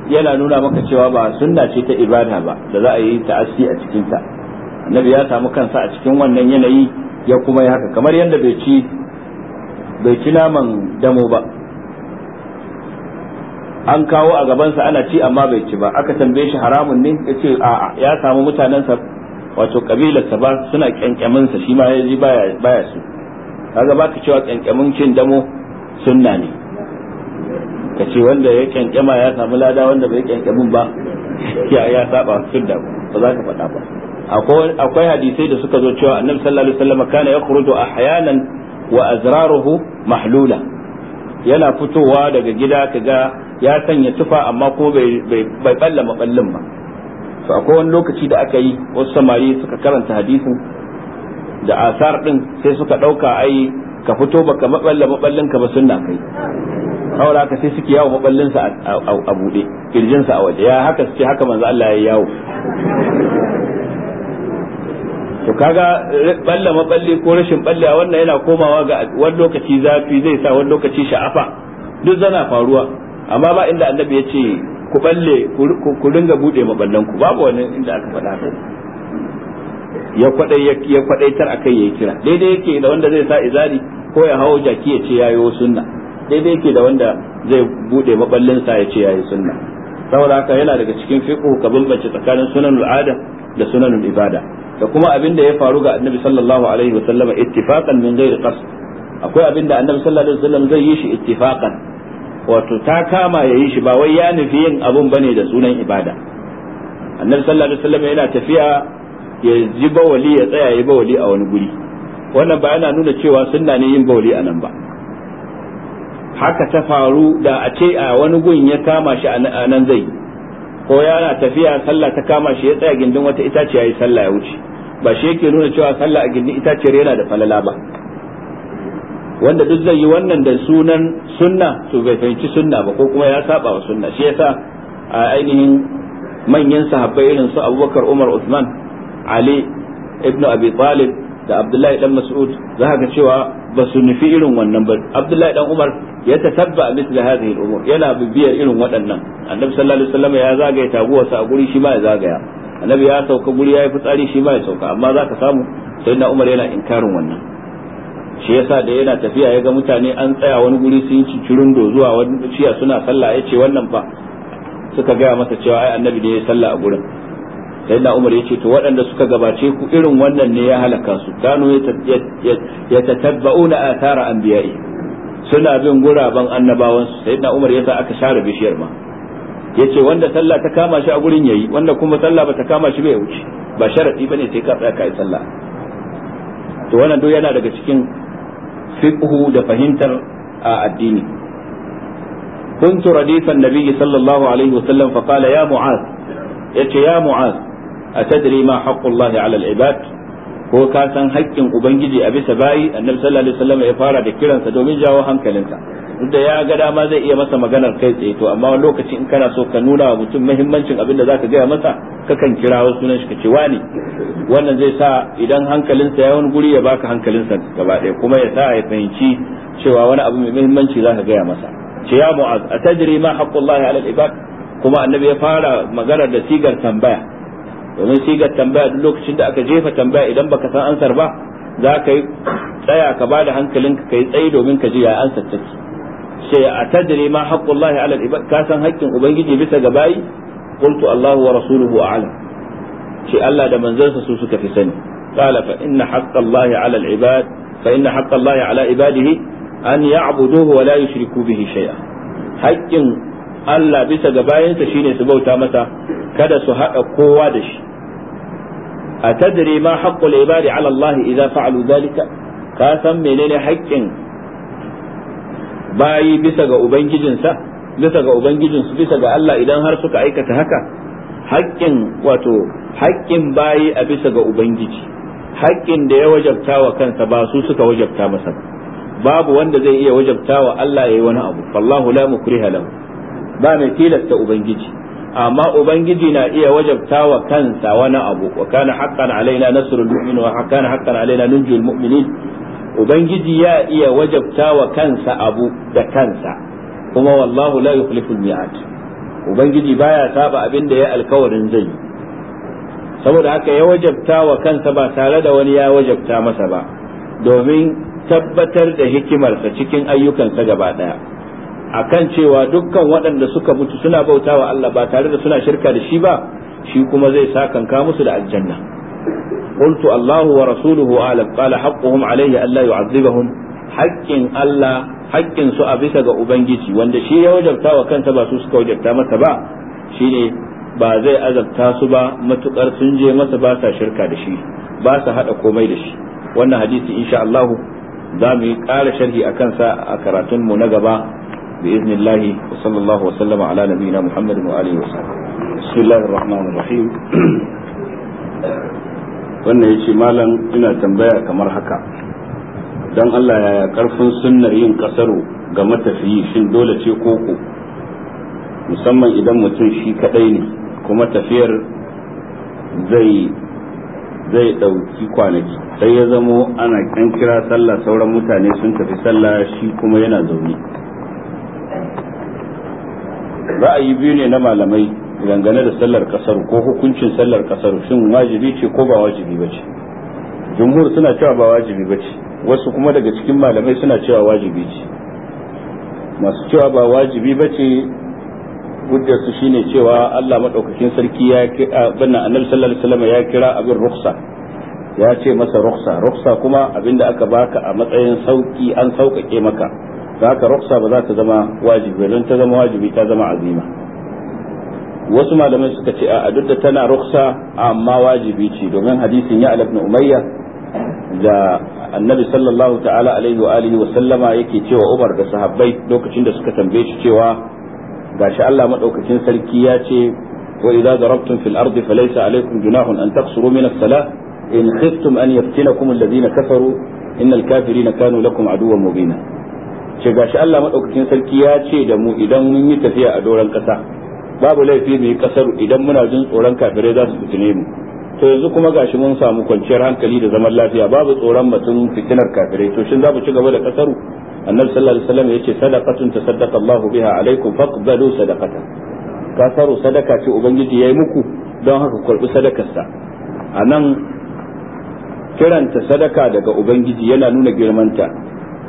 yana nuna maka cewa ba sunna ce ta ibada ba da za a yi ta'assi a cikin ta annabi ya samu kansa a cikin wannan yanayi ya kuma yi haka kamar yadda bai ci bai ci naman damo ba an kawo a gabansa ana ci amma bai ci ba aka tambaye shi haramun ne ya ce a'a ya samu mutanensa wato kabilarsa ba suna kyankyaminsa shi ma ya ji baya su kaga ba cewa kyankyamin cin damo sunna ne ka ce wanda ya kyankyama ya samu lada wanda bai kyankyamin ba ya ya saba sunna ba za ka faɗa ba akwai hadisai da suka zo cewa annabi sallallahu alaihi wasallam kana yakhruju ahyanan wa azraruhu mahlula yana fitowa daga gida kaga ya sanya tufa amma ko bai balla maballin ba to akwai wani lokaci da aka yi wasu samari suka karanta hadisin da asar din sai suka dauka ai ka fito baka maballa maballin ka ba sunna kai saboda haka sai suke yawo maballin sa a bude kirjin sa a waje ya haka suke haka manzo Allah ya yawo to kaga balla maballi ko rashin balla wannan yana komawa ga wani lokaci zafi zai sa wani lokaci sha'afa duk zana faruwa amma ba inda annabi ya ce ku balle ku ringa bude maballan ku babu wani inda aka faɗa kai ya kwadai ya kwadaitar akan yayi kira daidai yake da wanda zai sa izari ko ya hawo jaki ya ce yayi sunna daidai yake da wanda zai bude maballin sa ya ce yayi sunna saboda haka yana daga cikin fiqh ka bambance tsakanin sunanul ada da sunanul ibada da kuma abin da ya faru ga annabi sallallahu alaihi wa sallama ittifaqan min ghairi qasd akwai abin da annabi sallallahu alaihi wa sallam zai yi shi ittifaqan wato ta kama ya yi shi ba wai ya nufi yin abun bane da sunan ibada annabi sallallahu alaihi wa sallam yana tafiya ya ji bawali ya tsaya ya bawali a wani guri wannan ba yana nuna cewa sunna ne yin bawali a nan ba haka ta faru da a ce a wani gun ya kama shi a nan zai ko yana tafiya sallah ta kama shi ya tsaya gindin wata itaciya ya sallah ya wuce ba shi yake nuna cewa sallah a gindin itaciyar yana da falala ba wanda duk zai yi wannan da sunan sunna to bai fahimci sunna ba ko kuma ya saba wa sunna shi yasa a ainihin manyan sahabbai irin su Abubakar Umar Usman. ali ibn abi talib da abdullahi dan mas'ud za ka cewa ba su nufi irin wannan ba abdullahi dan umar ya tatabba misli hadhihi al-umur yana bibiyar irin waɗannan annabi sallallahu alaihi wasallam ya zagaya taguwarsa a guri shi ma ya zagaya annabi ya sauka guri ya yi fitsari shi ma ya sauka amma za ka samu sayyidina umar yana inkarin wannan shi yasa da yana tafiya ya ga mutane an tsaya wani guri sun yi cirundo zuwa wani shiya suna sallah ya ce wannan fa suka gaya masa cewa ai annabi ne ya sallah a gurin sai na umar ya ce to waɗanda suka gabace ku irin wannan ne ya halaka su kanu ya tatabba'una athara anbiya'i suna bin guraben annabawansu su sai na umar ya sa aka share bishiyar ma yace wanda sallah ta kama shi a gurin yayi wanda kuma sallah ba ta kama shi ba ya wuce ba ba ne sai ka tsaya kai sallah to wannan duk yana daga cikin fiqhu da fahimtar a addini كنت رديف النبي صلى الله عليه وسلم فقال يا معاذ yace ya mu'az atadri ma haqqullahi ala al ko ka san haƙƙin ubangiji a bisa bayi annabi sallallahu alaihi wasallam ya fara da kiransa domin jawo hankalinsa duk da ya ga dama zai iya masa maganar kai tsaye to amma lokacin lokaci in kana so ka nuna wa mutum muhimmancin abin da zaka gaya masa Ka kan kira wasu sunan shi ka ce wani wannan zai sa idan hankalinsa ya wani guri ya baka hankalinsa gaba ɗaya kuma ya sa ya fahimci cewa wani abu mai muhimmanci zaka gaya masa ce ya mu'az atajri ma haqqullahi ala kuma annabi ya fara maganar da sigar tambaya domin sigar tambaya duk lokacin da aka jefa tambaya idan baka san ansar ba za ka yi tsaya ka ba da hankalinka ka yi tsayi domin ka ji ya ansar take sai a tadri ma haqqullahi ala al ka san haƙƙin ubangiji bisa ga bayi qultu Allahu wa rasuluhu a'lam ce Allah da manzansa su suka fi sani qala fa inna haqqallahi ala al ibad fa inna haqqallahi ala ibadihi an ya'buduhu wa la yushriku bihi shay'a haƙƙin Allah bisa ga bayansa shine su bauta masa kada su haɗa kowa da shi a tadri ma haqqul ibadi ala Allah idza fa'alu zalika ka san menene haƙƙin bayi bisa ga ubangijinsa bisa ga ubangijinsu bisa ga Allah idan har suka aikata haka haƙƙin wato haƙƙin bayi a bisa ga ubangiji haƙƙin da ya wajabta wa kansa ba su suka wajabta masa babu wanda zai iya wajabta wa Allah yayi wani abu wallahu la mukriha lahu ba mai tilasta ubangiji amma ubangiji na iya wajabta wa kansa wani abu wa kana haqqan alaina nasrul mu'minin wa kana haqqan alaina nunjul mu'minin ubangiji ya iya wajabta wa kansa abu da kansa kuma wallahu la yukhliful mi'ad ubangiji baya saba abin da ya alkawarin zai saboda haka ya wajabta wa kansa ba tare da wani ya wajabta masa ba domin tabbatar da hikimarsa cikin ayyukansa gaba daya akan cewa dukkan waɗanda suka mutu suna bauta wa Allah ba tare da suna shirka da shi ba shi kuma zai sakanka musu da aljanna qultu Allahu wa rasuluhu alam qala haqquhum alayhi alla yu'adhibahum haqqin Allah haqqin su a bisa ga ubangiji wanda shi ya wajabta wa kansa ba su suka wajabta masa ba shine ba zai azabta su ba matukar sun je masa ba sa shirka da shi ba sa hada komai da shi wannan hadisi insha Allah za mu yi ƙara sharhi akan sa a karatunmu na gaba بإذن الله وصلى الله وسلم على نبينا محمد وآله وسلم بسم الله الرحمن الرحيم wannan ya ce malam ina tambaya kamar haka don Allah yaya karfin sunnar yin kasaro ga matafiyi shin dole ce koko musamman idan mutum shi kadai ne kuma tafiyar zai ɗauki kwanaki sai ya zamo ana kan kira sallah sauran mutane sun tafi sallah shi kuma yana zaune ra'ayi biyu ne na malamai dangane da sallar kasar ko hukuncin sallar kasar shin wajibi ce ko ba wajibi ba ce jumhur suna cewa ba wajibi ba ce wasu kuma daga cikin malamai suna cewa wajibi ce masu cewa ba wajibi ba ce hujjar su shine cewa Allah madaukakin sarki ya binna annabi sallallahu alaihi wasallam ya kira abin ruksa ya ce masa ruksa ruksa kuma abin da aka baka a matsayin sauki an sauƙaƙe maka da ka ruksa ba za ta zama wajibi don ta zama wajibi ta zama azima wasu malamai suka ce a duk da tana ruksa amma wajibi ce domin hadisin ya ibn umayya da annabi sallallahu ta'ala alaihi wa alihi wa sallama yake cewa umar da sahabbai lokacin da suka tambaye shi cewa gashi Allah madaukakin sarki ya ce wa idza darabtum fil ardi falaysa alaykum junahun an taqsuru min as-salah in khiftum an yaftinakum alladhina kafaru innal kafirina kanu lakum aduwwan mubina ce gashi Allah madaukakin sarki ya ce da mu idan mun yi tafiya a doron kasa babu laifi mu yi kasar idan muna jin tsoron kafirai za su fitine mu to yanzu kuma gashi mun samu kwanciyar hankali da zaman lafiya babu tsoron mutum fitinar kafirai to shin za mu ci gaba da kasaru annabi sallallahu alaihi wasallam yace sadaqatun tasaddaqa Allah biha alaikum faqbalu sadaqatan kasaru sadaka ce ubangiji yayi muku don haka kurbi sadakarsa anan kiranta sadaka daga ubangiji yana nuna girmanta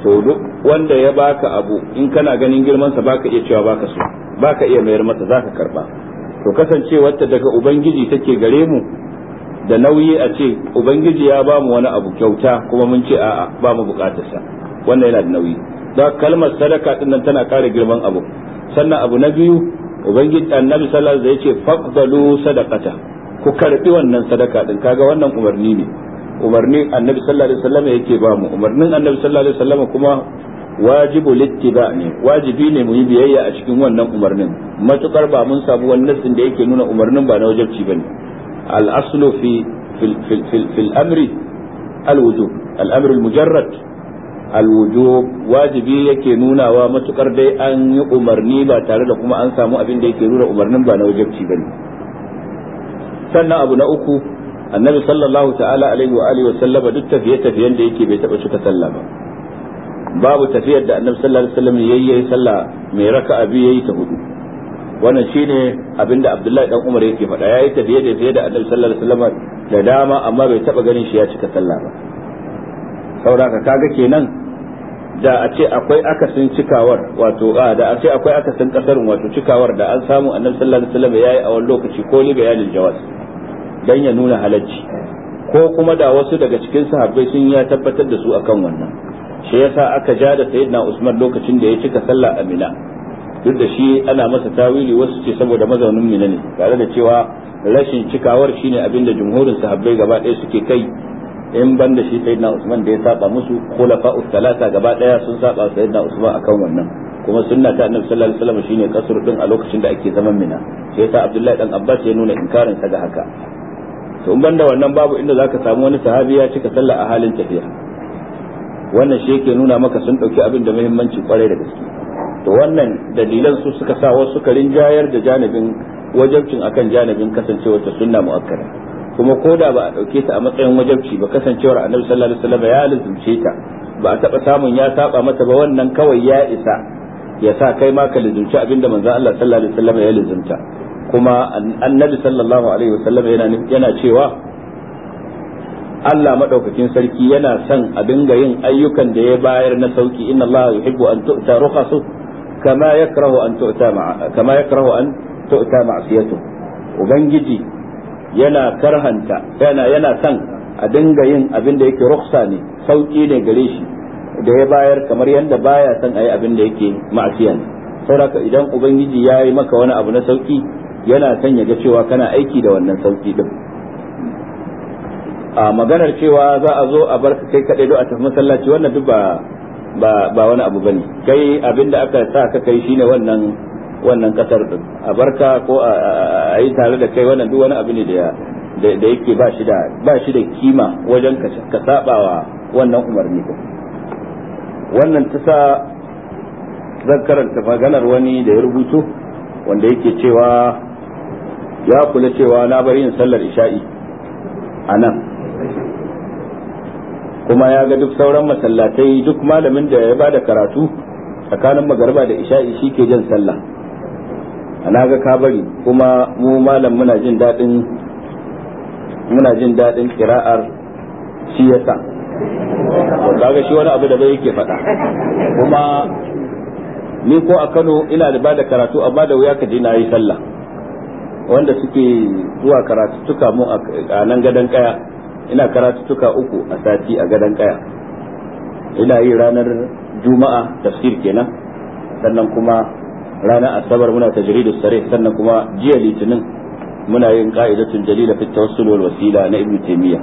to duk wanda ya baka abu in kana ganin girmansa baka iya cewa baka so baka iya mayar masa zaka karba to kasancewar ta daga ubangiji take gare mu da nauyi a ce ubangiji ya ba mu wani abu kyauta kuma mun ce a'a ba mu bukatarsa wannan yana da nauyi da kalmar sadaka din nan tana kare girman abu sannan abu na biyu ubangiji annabi sallallahu alaihi wasallam ya ce faqdalu sadaqata ku karbi wannan sadaka din kaga wannan umarni ne umarnin annabi sallallahu alaihi wasallam yake ba mu umarnin annabi sallallahu alaihi wasallam kuma wajibu littiba ne wajibi ne mu yi biyayya a cikin wannan umarnin matukar ba mun samu wani nassin da yake nuna umarnin ba na wajibci bane al aslu fi fil amri al wujub al amr al mujarrad al wujub wajibi yake nunawa matukar dai an yi umarni ba tare da kuma an samu abin da yake nuna umarnin ba na wajibci bane sannan abu na uku annabi sallallahu ta'ala alaihi wa alihi wa sallama duk tafiye tafiyen da yake bai taba cika sallah ba babu tafiyar da annabi sallallahu alaihi wasallam yayi yayi sallah mai raka'a biyu yayi ta hudu wannan shine abinda abdullahi dan umar yake faɗa yayi tafiye da tafiye da annabi sallallahu alaihi wasallam da dama amma bai taba ganin shi ya cika sallah ba saboda kaga kenan da a ce akwai akasin cikawar wato a da a ce akwai akasin kasarin wato cikawar da an samu annabi sallallahu alaihi wasallam yayi a wani lokaci ko li bayanin jawaz dan ya nuna halacci ko kuma da wasu daga cikin sahabbai sun ya tabbatar da su akan wannan shi yasa aka ja da sayyidina Usman lokacin da ya cika sallah a Mina duk da shi ana masa tawili wasu ce saboda mazaunin Mina ne tare da cewa rashin cikawar shine abin da jumhurin sahabbai gaba ɗaya suke kai in ban da shi sayyidina Usman da ya saba musu khulafa talata gaba ɗaya sun saba sayyidina Usman akan wannan kuma sunna ta annabi sallallahu alaihi wasallam shine kasur a lokacin da ake zaman Mina sai yasa Abdullahi dan Abbas ya nuna inkarin sa ga haka to in banda wannan babu inda zaka samu wani sahabi ya cika sallah a halin tafiya wannan shi yake nuna maka sun ɗauki abin da muhimmanci kwarai da gaske to wannan dalilan su suka sa wasu suka rinjayar da janibin wajabcin akan janibin kasancewar ta sunna muakkada kuma ko da ba a ɗauke ta a matsayin wajabci ba kasancewar annabi sallallahu alaihi wasallam ya lazumce ta ba a taba samun ya saba mata ba wannan kawai ya isa ya sa kai ma ka lazumci abinda manzo Allah sallallahu alaihi wasallam ya lazumta kuma annabi sallallahu alaihi wasallam yana cewa Allah madaukakin sarki yana son a dinga yin ayyukan da ya bayar na sauki inna Allah yuhibbu an tu'ta rukhasu kama yakrahu an tu'ta kama yakrahu an tu'ta ma'siyatu ubangiji yana karhanta yana yana son a dinga yin abin da yake rukhsa ne sauki ne gare shi da ya bayar kamar yadda baya son a yi abin da yake ma'asiya ne saboda idan ubangiji ya maka wani abu na sauki yana son ya ga cewa kana aiki da wannan sauki din a maganar cewa za a zo a bar kai kaɗai a tafi masallaci wannan duk ba ba wani abu bane kai abin da aka sa ka kai shine wannan wannan kasar din a barka ko a yi tare da kai wannan duk wani abu ne da da yake ba shi da ba shi da kima wajen ka sabawa wannan umarni ko wannan ta sa zan karanta maganar wani da ya rubuto wanda yake cewa ya kula cewa na bari yin sallar isha'i a nan kuma ya ga duk sauran masallatai duk malamin da ya bada karatu tsakanin magarba da isha'i shi ke jan sallah na ga ka bari kuma mu malam muna jin daɗin muna jin daɗin kira'ar shi yasa ga shi wani abu da bai yake faɗa kuma ni ko a Kano ina da bada karatu amma da wuya ka je na yi sallah wanda suke zuwa karatuttuka mu a nan gadon kaya ina karatuttuka uku a sati a gadon kaya ina yi ranar juma'a tafsir kenan sannan kuma ranar asabar muna ta tajridu sare sannan kuma jiya litinin muna yin qa'idatun jalila fi tawassul wal wasila na ibnu taymiya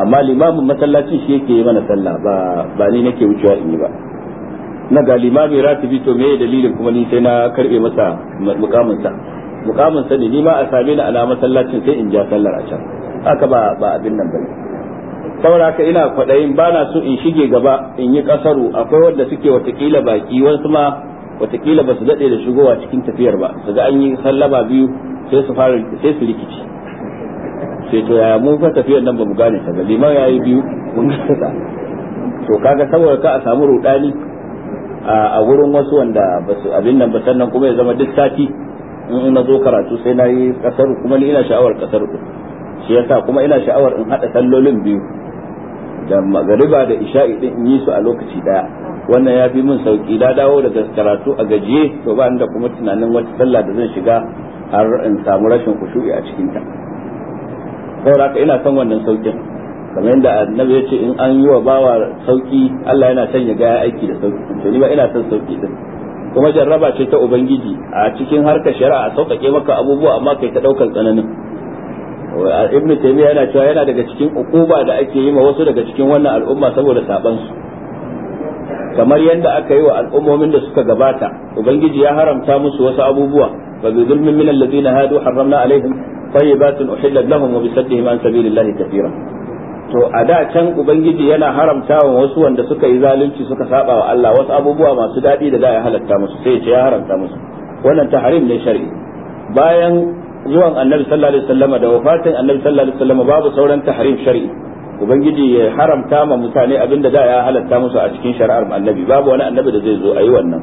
amma limamin masallacin shi yake yi mana sallah ba ba ni nake wucewa in yi ba na ga limami ratibi to me dalilin kuma ni sai na karbe masa mukamin sa mukamin sani ni ma a same ni alamar sallacin sai in ja sallar a can haka ba ba abin nan bane saboda haka ina kwaɗayin ba na so in shige gaba in yi kasaru akwai wanda suke watakila baki wasu ma watakila ba su daɗe da shigowa cikin tafiyar ba su ga an yi sallama biyu sai su fara sai su rikici sai to yaya mun fa tafiyar nan ba mu gane ta ba liman yayi biyu mun kasa to kaga saboda ka a samu rudani a wurin wasu wanda ba abin nan ba sannan kuma ya zama duk sati in na zo karatu sai na yi kasar kuma ni ina sha'awar kasar ku shi yasa kuma ina sha'awar in haɗa sallolin biyu da magariba da isha'i din in yi su a lokaci daya wannan ya fi min sauki da dawo daga karatu a gajiye to ba da kuma tunanin wata sallah da zan shiga har in samu rashin kushu'i a cikin ta saboda haka ina son wannan saukin kamar yadda annabi ya ce in an yi wa bawa sauki Allah yana son ya ga aiki da sauki to ni ba ina son sauki din kuma jarraba ce ta ubangiji a cikin harkar shari'a a sauƙaƙe maka abubuwa amma kai ta ɗaukar tsananin ibnu taymiya yana cewa yana daga cikin ukuba da ake yi ma wasu daga cikin wannan al'umma saboda saban su kamar yadda aka yi wa al'ummomin da suka gabata ubangiji ya haramta musu wasu abubuwa fa bi zulmin min alladhina hadu harramna alaihim tayyibatin uhillat lahum wa bi saddihim an sabilillahi katira to a da can ubangiji yana haramta wa wasu wanda suka yi zalunci suka saba wa Allah wasu abubuwa masu daɗi da za a halatta musu sai ce ya haramta musu wannan tahrim ne shar'i bayan zuwan annabi sallallahu alaihi wasallam da wafatin annabi sallallahu alaihi wasallam babu sauran tahrim shar'i ubangiji ya haramta ma mutane abin da ya halatta musu a cikin shari'ar annabi babu wani annabi da zai zo ayi wannan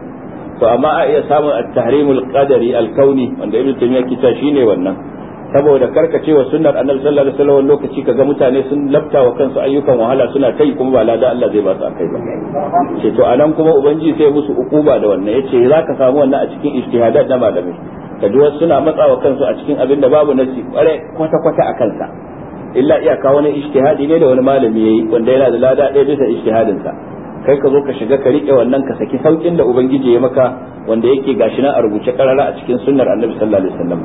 to amma a iya samun at-tahrimul qadari al-kauni wanda ibnu taymiyyah kita shine wannan saboda karkacewa sunnar annabi sallallahu alaihi wasallam lokaci kaga mutane sun lafta wa kansu ayyukan wahala suna kai kuma ba lada Allah zai ba su akai ba ce to anan kuma ubangiji sai musu ukuba da wannan yace zaka samu wannan a cikin ijtihadat na malamai ka duwa suna matsawa kansu a cikin abin da babu nasi kware kwata kwata a kansa illa iyaka wani ijtihadi ne da wani malami yayi wanda yana da lada ɗaya bisa ijtihadin sa kai ka zo ka shiga ka rike wannan ka saki saukin da ubangiji ya maka wanda yake gashi na a rubuce karara a cikin sunnar annabi sallallahu alaihi wasallam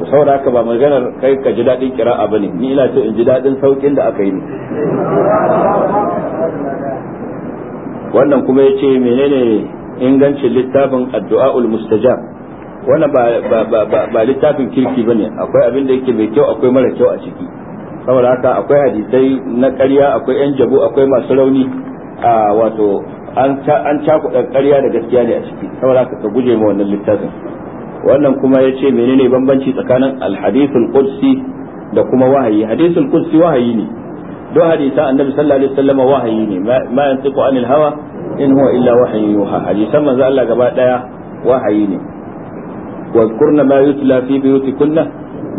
to saboda haka ba maganar kai ka ji daɗin kira'a bane ni ina so in ji daɗin saukin da aka yi ni wannan kuma yace menene ingancin littafin addu'aul mustajab wannan ba ba ba ba littafin kirki bane akwai abin da yake mai kyau akwai mara kyau a ciki saboda haka akwai hadisai na ƙarya akwai yan jabu akwai masu rauni a wato an cakuɗa ƙarya da gaskiya ne a ciki saboda haka ka guje ma wannan littafin wannan kuma ya ce menene bambanci tsakanin alhadithul qudsi da kuma wahayi hadithul qudsi wahayi ne do hadisa annabi sallallahu alaihi wasallam wahayi ne ma yantiqu anil hawa in huwa illa wahyu yuha hadisan manzo Allah gaba daya wahayi ne wa kurna ma yutla fi buyutikunna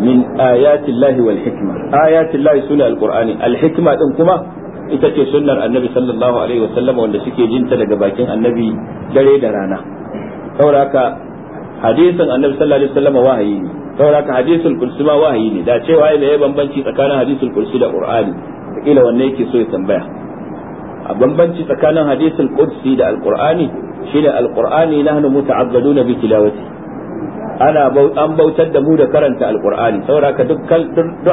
min ayati llahi wal hikma ayati llahi sunna alqur'ani alhikma din kuma ita ce sunnar annabi sallallahu alaihi wasallam wanda suke jinta daga bakin annabi dare da rana saboda haka hadisin annabi sallallahu alaihi wasallam wahayi ne saboda ka hadisul kursi ma wahayi ne da cewa ai ya bambanci tsakanin hadisul kursi da qur'ani kila wanne yake so ya tambaya a bambanci tsakanin hadisul kursi da alqur'ani shine alqur'ani nahnu muta'abbaduna bi tilawati ana an bautar da mu da karanta alqur'ani saboda ka duk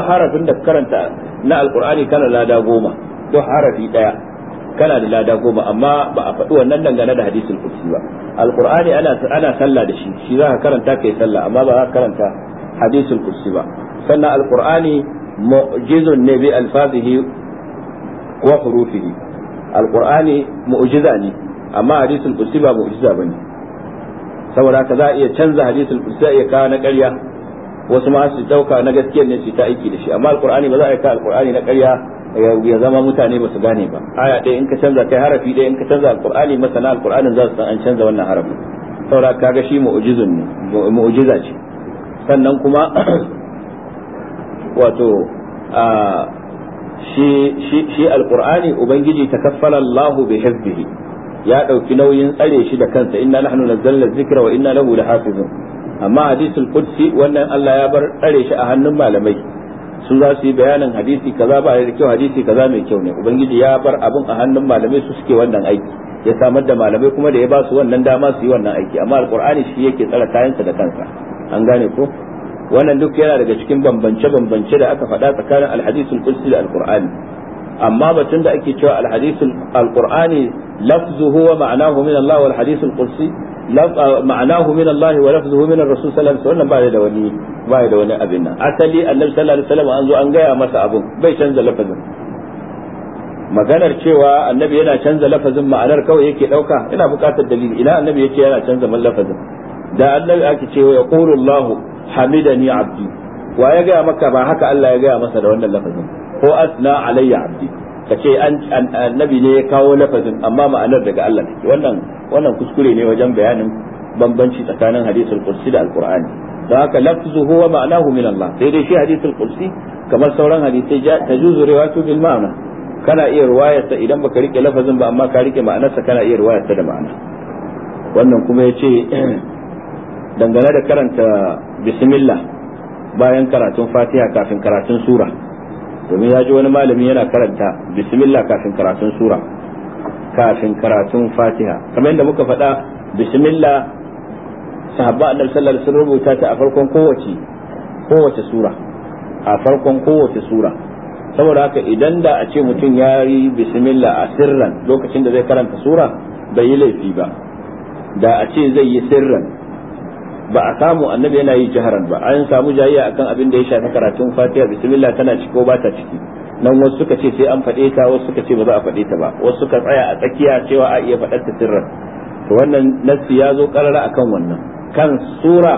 harafin da karanta na alqur'ani kana lada goma duk harafi daya kana da lada goma amma ba a faɗi wannan dangane da hadisul qudsi ba alqur'ani ana ana sallah da shi shi za ka karanta kai sallah amma ba za ka karanta hadisul qudsi ba sannan alqur'ani mu'jizun ne bi alfazihi wa hurufihi alqur'ani mu'jiza ne amma hadisul qudsi ba mu'jiza bane saboda ka za a iya canza hadisul qudsi a iya kawo na ƙarya wasu ma su dauka na gaskiyar ne su ta aiki da shi amma alqur'ani ba za a yi ka alqur'ani na ƙarya ya zama mutane ba su gane ba aya ɗaya in ka canza kai harafi ɗaya in ka canza alqur'ani masana alqur'anin za su san an canza wannan harafin saboda kaga shi mu'jizun ne mu'jiza ce sannan kuma wato shi shi alqur'ani ubangiji takaffala Allahu bi hifzihi ya ɗauki nauyin tsare shi da kansa inna nahnu nazzalna dhikra wa inna lahu lahafizun amma hadisul qudsi wannan Allah ya bar tsare shi a hannun malamai su za su yi bayanin hadisi kaza ba da kyau hadisi kaza mai kyau ne ubangiji ya bar abin a hannun malamai su suke wannan aiki ya samar da malamai kuma da ya ba su wannan dama su yi wannan aiki amma alqur'ani shi yake tsara kayansa da kansa an gane ko wannan duk yana daga cikin bambance bambance da aka faɗa tsakanin alhadisul qudsi da alqur'ani amma batun da ake cewa alhadith alqur'ani lafzuhu wa ma'anahu min Allah wal hadith alqudsi ah, ma'anahu min Allah wa lafzuhu min ar-rasul sallallahu alaihi wasallam ba da wani ba da wani abin nan asali annabi sallallahu alaihi wasallam an zo an gaya masa abin bai canza lafazin maganar cewa annabi yana canza lafazin ma'anar kawai yake dauka ina bukatar dalili ina annabi yace yana canza man lafazin da annabi ake cewa yaqulu Allah hamidani abdi wa ya gaya maka ba haka Allah ya gaya masa da wannan lafazin ko asna alayya abdi kace an annabi ne ya kawo lafazin amma ma'anar daga Allah take wannan wannan kuskure ne wajen bayanin bambanci tsakanin hadisul kursi da alqur'ani don haka lafzu huwa ma'anahu min Allah sai dai shi hadisul kursi kamar sauran hadisai juzu riwayatu bil ma'ana kana iya ta idan baka rike lafazin ba amma ka rike ma'anarsa kana iya ta da ma'ana wannan kuma yace dangane da karanta bismillah bayan karatun fatiha kafin karatun sura domin ya ji wani malami yana karanta bismillah kafin karatun sura kafin karatun fatiha kamar yadda muka faɗa bismillah sahabba annabi sallallahu alaihi rubuta ta a farkon kowace kowace sura a farkon kowace sura saboda haka idan da a ce mutum ya yi bismillah a sirran lokacin da zai karanta sura bai yi laifi ba da a ce zai yi sirran ba a samu annabi yana yi jiharan ba an samu jayayya akan abin da ya shafi karatun fatiha bismillah tana ciki ko ba ta ciki nan wasu suka ce sai an faɗe ta wasu suka ce ba za a faɗe ta ba wasu suka tsaya a tsakiya cewa a iya faɗar ta sirran to wannan nassi ya zo karara akan wannan kan sura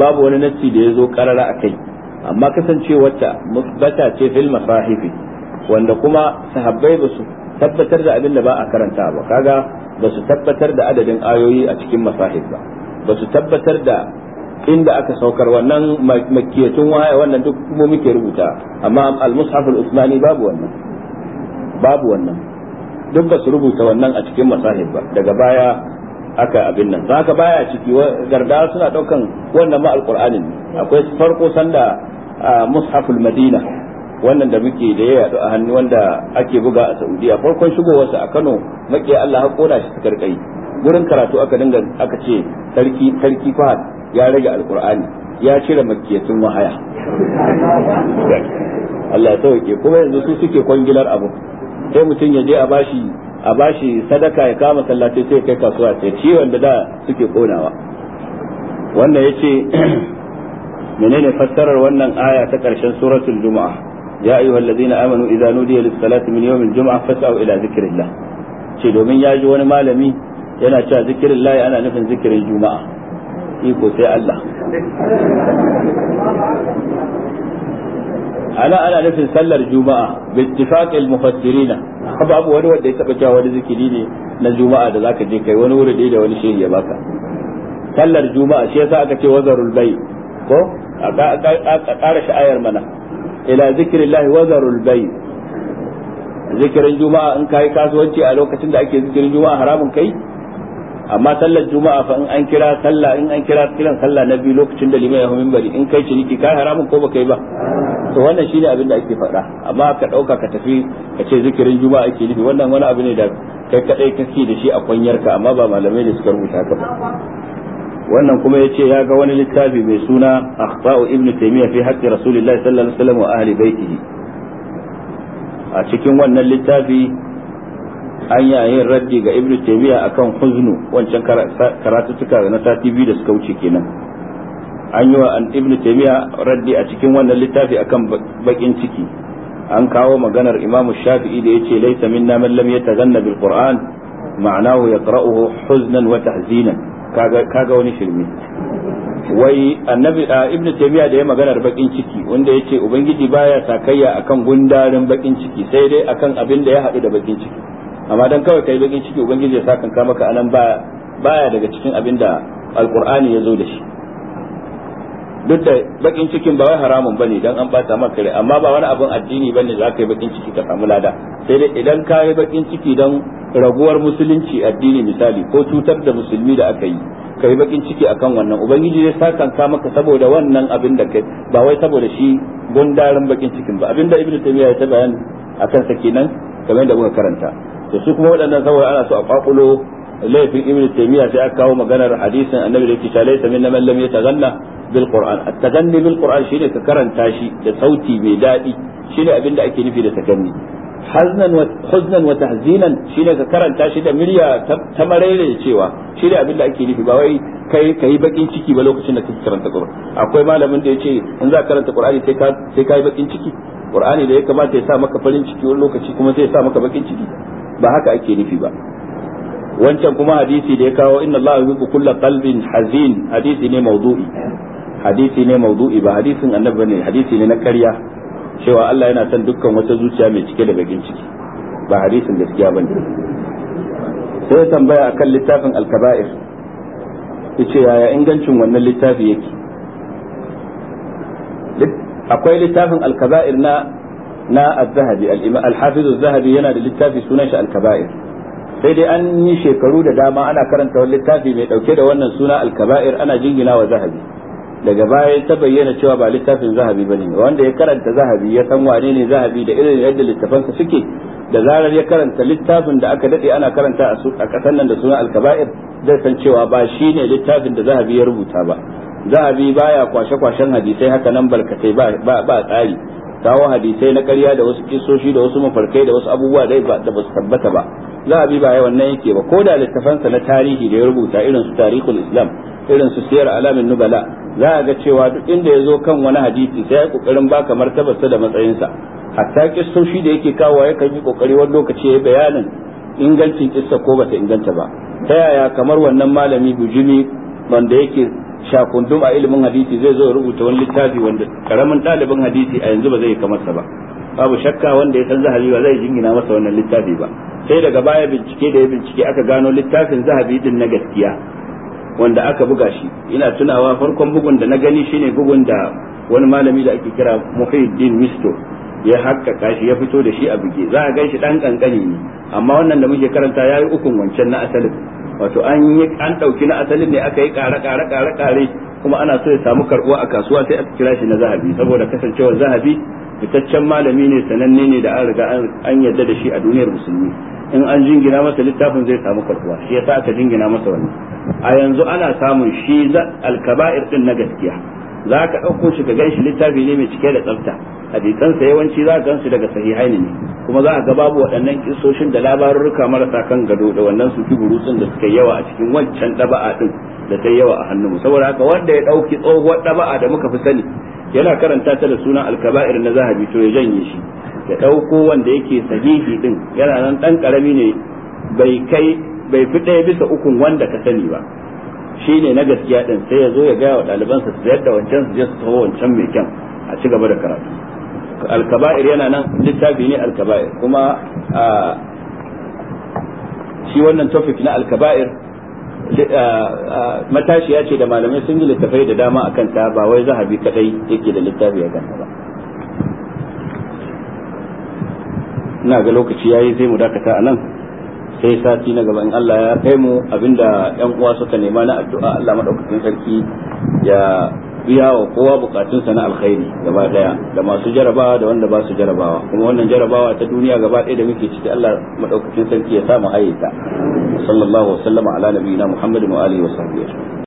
babu wani nassi da ya zo karara akai amma kasancewarta musbata ce fil masahifi wanda kuma sahabbai ba su tabbatar da abin da ba a karanta ba kaga ba su tabbatar da adadin ayoyi a cikin masahif ba ba su tabbatar da inda aka saukar wannan makiyatun waya wannan duk mu muke rubuta amma al-mushaf al-usmani babu wannan babu wannan duk ba su rubuta wannan a cikin masahib ba daga baya aka abin nan zaka baya ciki garda suna daukan wannan ma alqur'anin akwai farko sanda al madina wannan da muke da yaya a hannu wanda ake buga a saudiya farkon shigowarsa a kano makiya allah ha kona shi ta karkai wurin karatu aka dinga aka ce sarki sarki fahad ya rage al'kur'ani ya cire makkiyatun wahaya Allah ya sauke kuma yanzu su suke kwangilar abu sai mutum ya je a bashi a bashi sadaka ya kama sallatai sai kai kasuwa sai ciwon da da suke konawa wannan yace menene fassarar wannan aya ta karshen suratul juma'a ya ayyuhal ladina amanu idza nudiya lis salati min yawmil juma'a fas'au ila dhikrillah ce domin ya ji wani malami yana cewa zikirin layi ana nufin zikirin juma'a iko sai Allah ana ana nufin sallar juma'a bi ittifaqil mufassirina babu wani wanda ya taba cewa wani zikiri ne na juma'a da zaka je kai wani wuri da wani shehi ya baka sallar juma'a shi yasa aka ce wazarul bai ko a ƙara sha'ayar mana ila zikrillahi wazarul bai zikirin juma'a in kai kasuwanci a lokacin da ake zikirin juma'a haramun kai amma sallar juma'a fa in an kira sallah in an kira kiran sallah na biyu lokacin da limai ya hawo minbari in kai ciniki kai haramun ko baka yi ba to wannan shine abin da ake faɗa amma ka ɗauka ka tafi ka ce zikirin juma'a ake nufi wannan wani abu ne da kai kadai kake da shi a kwanyarka amma ba malamai da suka rubuta ka ba wannan kuma yace ya ga wani littafi mai suna akhta'u ibnu taymiya fi haqqi rasulillahi sallallahu alaihi sallam wa ahli baitihi a cikin wannan littafi an yi yayin raddi ga ibnu taymiya akan huznu wancan karatuttuka na sati biyu da suka wuce kenan an yi wa an taymiya raddi a cikin wannan littafi akan bakin ciki an kawo maganar imamu shafi'i da yace laysa minna man lam yataganna bil qur'an ma'anahu yaqra'uhu huznan wa tahzinan kaga kaga wani shirme wai annabi ibnu taymiya da ya maganar bakin ciki wanda yace ubangiji baya sakayya akan gundarin bakin ciki sai dai akan abin da ya haɗu da bakin ciki amma dan kawai kai bakin ciki ubangiji ya saka ka maka anan ba baya daga cikin abin da alqur'ani ya zo da shi duk da bakin cikin ba wai haramun bane dan an bata maka rai amma ba wani abin addini bane za ka yi bakin ciki ka samu lada sai dai idan ka yi bakin ciki dan raguwar musulunci addini misali ko cutar da musulmi da aka yi ka yi bakin ciki akan wannan ubangiji ya saka ka maka saboda wannan abin da kai ba wai saboda shi gundarin bakin cikin ba abinda ibnu taymiya ya ta bayani akan sa kenan kamar da muka karanta to su kuma waɗannan saboda ana so a kwakulo laifin ibn taymiya sai aka kawo maganar hadisin annabi da yake shalaita min na mallam ya taganna bil qur'an at taganni bil qur'an shine ka karanta shi da sauti mai dadi shine abin da ake nufi da taganni haznan wa huznan wa tahzinan shine ka karanta shi da murya ta marere cewa shine abin da ake nufi ba wai kai kai bakin ciki ba lokacin da kake karanta qur'an akwai malamin da yace in za ka karanta qur'ani sai ka sai kai bakin ciki qur'ani da ya kamata ya sa maka farin ciki wani lokaci kuma sai ya sa maka bakin ciki ba haka ake nufi ba wancan kuma hadisi da ya kawo inna Allah yuhibbu kulla qalbin hazin hadisi ne mawdu'i hadisi ne mawdu'i ba hadisin annabi ne hadisi ne na ƙarya cewa Allah yana son dukkan wata zuciya mai cike da bakin ciki ba hadisin gaskiya bane sai tambaya akan littafin al-kaba'ir yace yaya ingancin wannan littafi yake akwai littafin al-kaba'ir na na az-zahabi al-hafiz zahabi yana da littafi sunan shi alkaba'ir sai dai an yi shekaru da dama ana karanta wani littafi mai dauke da wannan suna alkaba'ir ana jingina wa zahabi daga baya ta bayyana cewa ba littafin zahabi bane wanda ya karanta zahabi ya san wane ne zahabi da irin yadda littafansa suke da zarar ya karanta littafin da aka dade ana karanta a kasan nan da suna alkaba'ir zai san cewa ba shine littafin da zahabi ya rubuta ba zahabi baya kwashe-kwashen hadisai haka nan barkatai ba ba tsari kawo hadisai na ƙarya da wasu kisoshi da wasu mafarkai da wasu abubuwa dai ba da basu tabbata ba za a bi ba yawan nan yake ba ko da littafansa na tarihi da ya rubuta irin su tarihul islam irin su siyar alamin nubala za a ga cewa duk inda ya zo kan wani hadisi sai ya kokarin baka martabarsa da matsayinsa hatta kisoshi da yake kawo ya kan yi kokari wani lokaci ya yi bayanin ingancin kissa ko bata inganta ba ta yaya kamar wannan malami bujimi wanda yake shakundum a ilimin hadisi zai zo rubuta wani littafi wanda karamin ɗalibin hadisi a yanzu ba zai kamar sa ba babu shakka wanda ya san zahabi ba zai jingina masa wannan littafi ba sai daga baya bincike da ya bincike aka gano littafin zahabi din na gaskiya wanda aka buga shi ina tunawa farkon bugun da na gani shine bugun da wani malami da ake kira Muhyiddin Misto ya haƙƙaƙa shi ya fito da shi a buge za a gan shi ɗan ƙanƙani ne amma wannan da muke karanta ya yi ukun wancan na asalin wato an yi an dauki na asalin ne aka yi kare kare kare kare kuma ana so ya samu karbuwa a kasuwa sai aka kira shi na zahabi saboda kasancewar zahabi fitaccen malami ne sananne ne da an riga an yadda da shi a duniyar musulmi in an jingina masa littafin zai samu karbuwa shi yasa aka jingina masa wani a yanzu ana samun shi za alkaba'ir din na gaskiya za ka ɗauko shi ka gan shi littafi ne mai cike da tsafta hadisansa yawanci za ka gan su daga sahihai ne kuma za a ga babu waɗannan kisoshin da labarurruka marasa kan gado da wannan su kiburutsun da suka yawa a cikin wancan ɗaba'a ɗin da ta yawa a hannu saboda haka wanda ya ɗauki tsohuwar ɗaba'a da muka fi sani yana karanta ta da sunan alkaba'ir na zahabi to ya janye shi ya ɗauko wanda yake sahihi ɗin yana nan ɗan ƙarami ne bai kai bai fi ɗaya bisa ukun wanda ka sani ba Shi ne na gaskiya din sai ya zo ya gaya wa ɗalibansa su yadda wancan su je su taho wancan mai kyan a ci gaba da karatu alkaba'ir yana nan littafi ne alkaba'ir kuma shi wannan topic na alkaba'ir matashiya ce da malamai sun yi littafai da dama a kanta ba wai zahabi kadai yake da littafi a kanta ba ina ga lokaci ya yi zai mu dakata a nan sai sati na gaba in Allah ya kai mu abinda yan uwa suka nema na addu'a Allah madaukakin sarki ya biya wa kowa bukatunsa na alkhairi gaba daya da masu jarabawa da wanda ba su jarabawa kuma wannan jarabawa ta duniya gaba daya da muke ciki Allah madaukakin sarki ya sa mu hayyata sallallahu alaihi wa sallama ala nabiyina muhammadin wa alihi wa sahbihi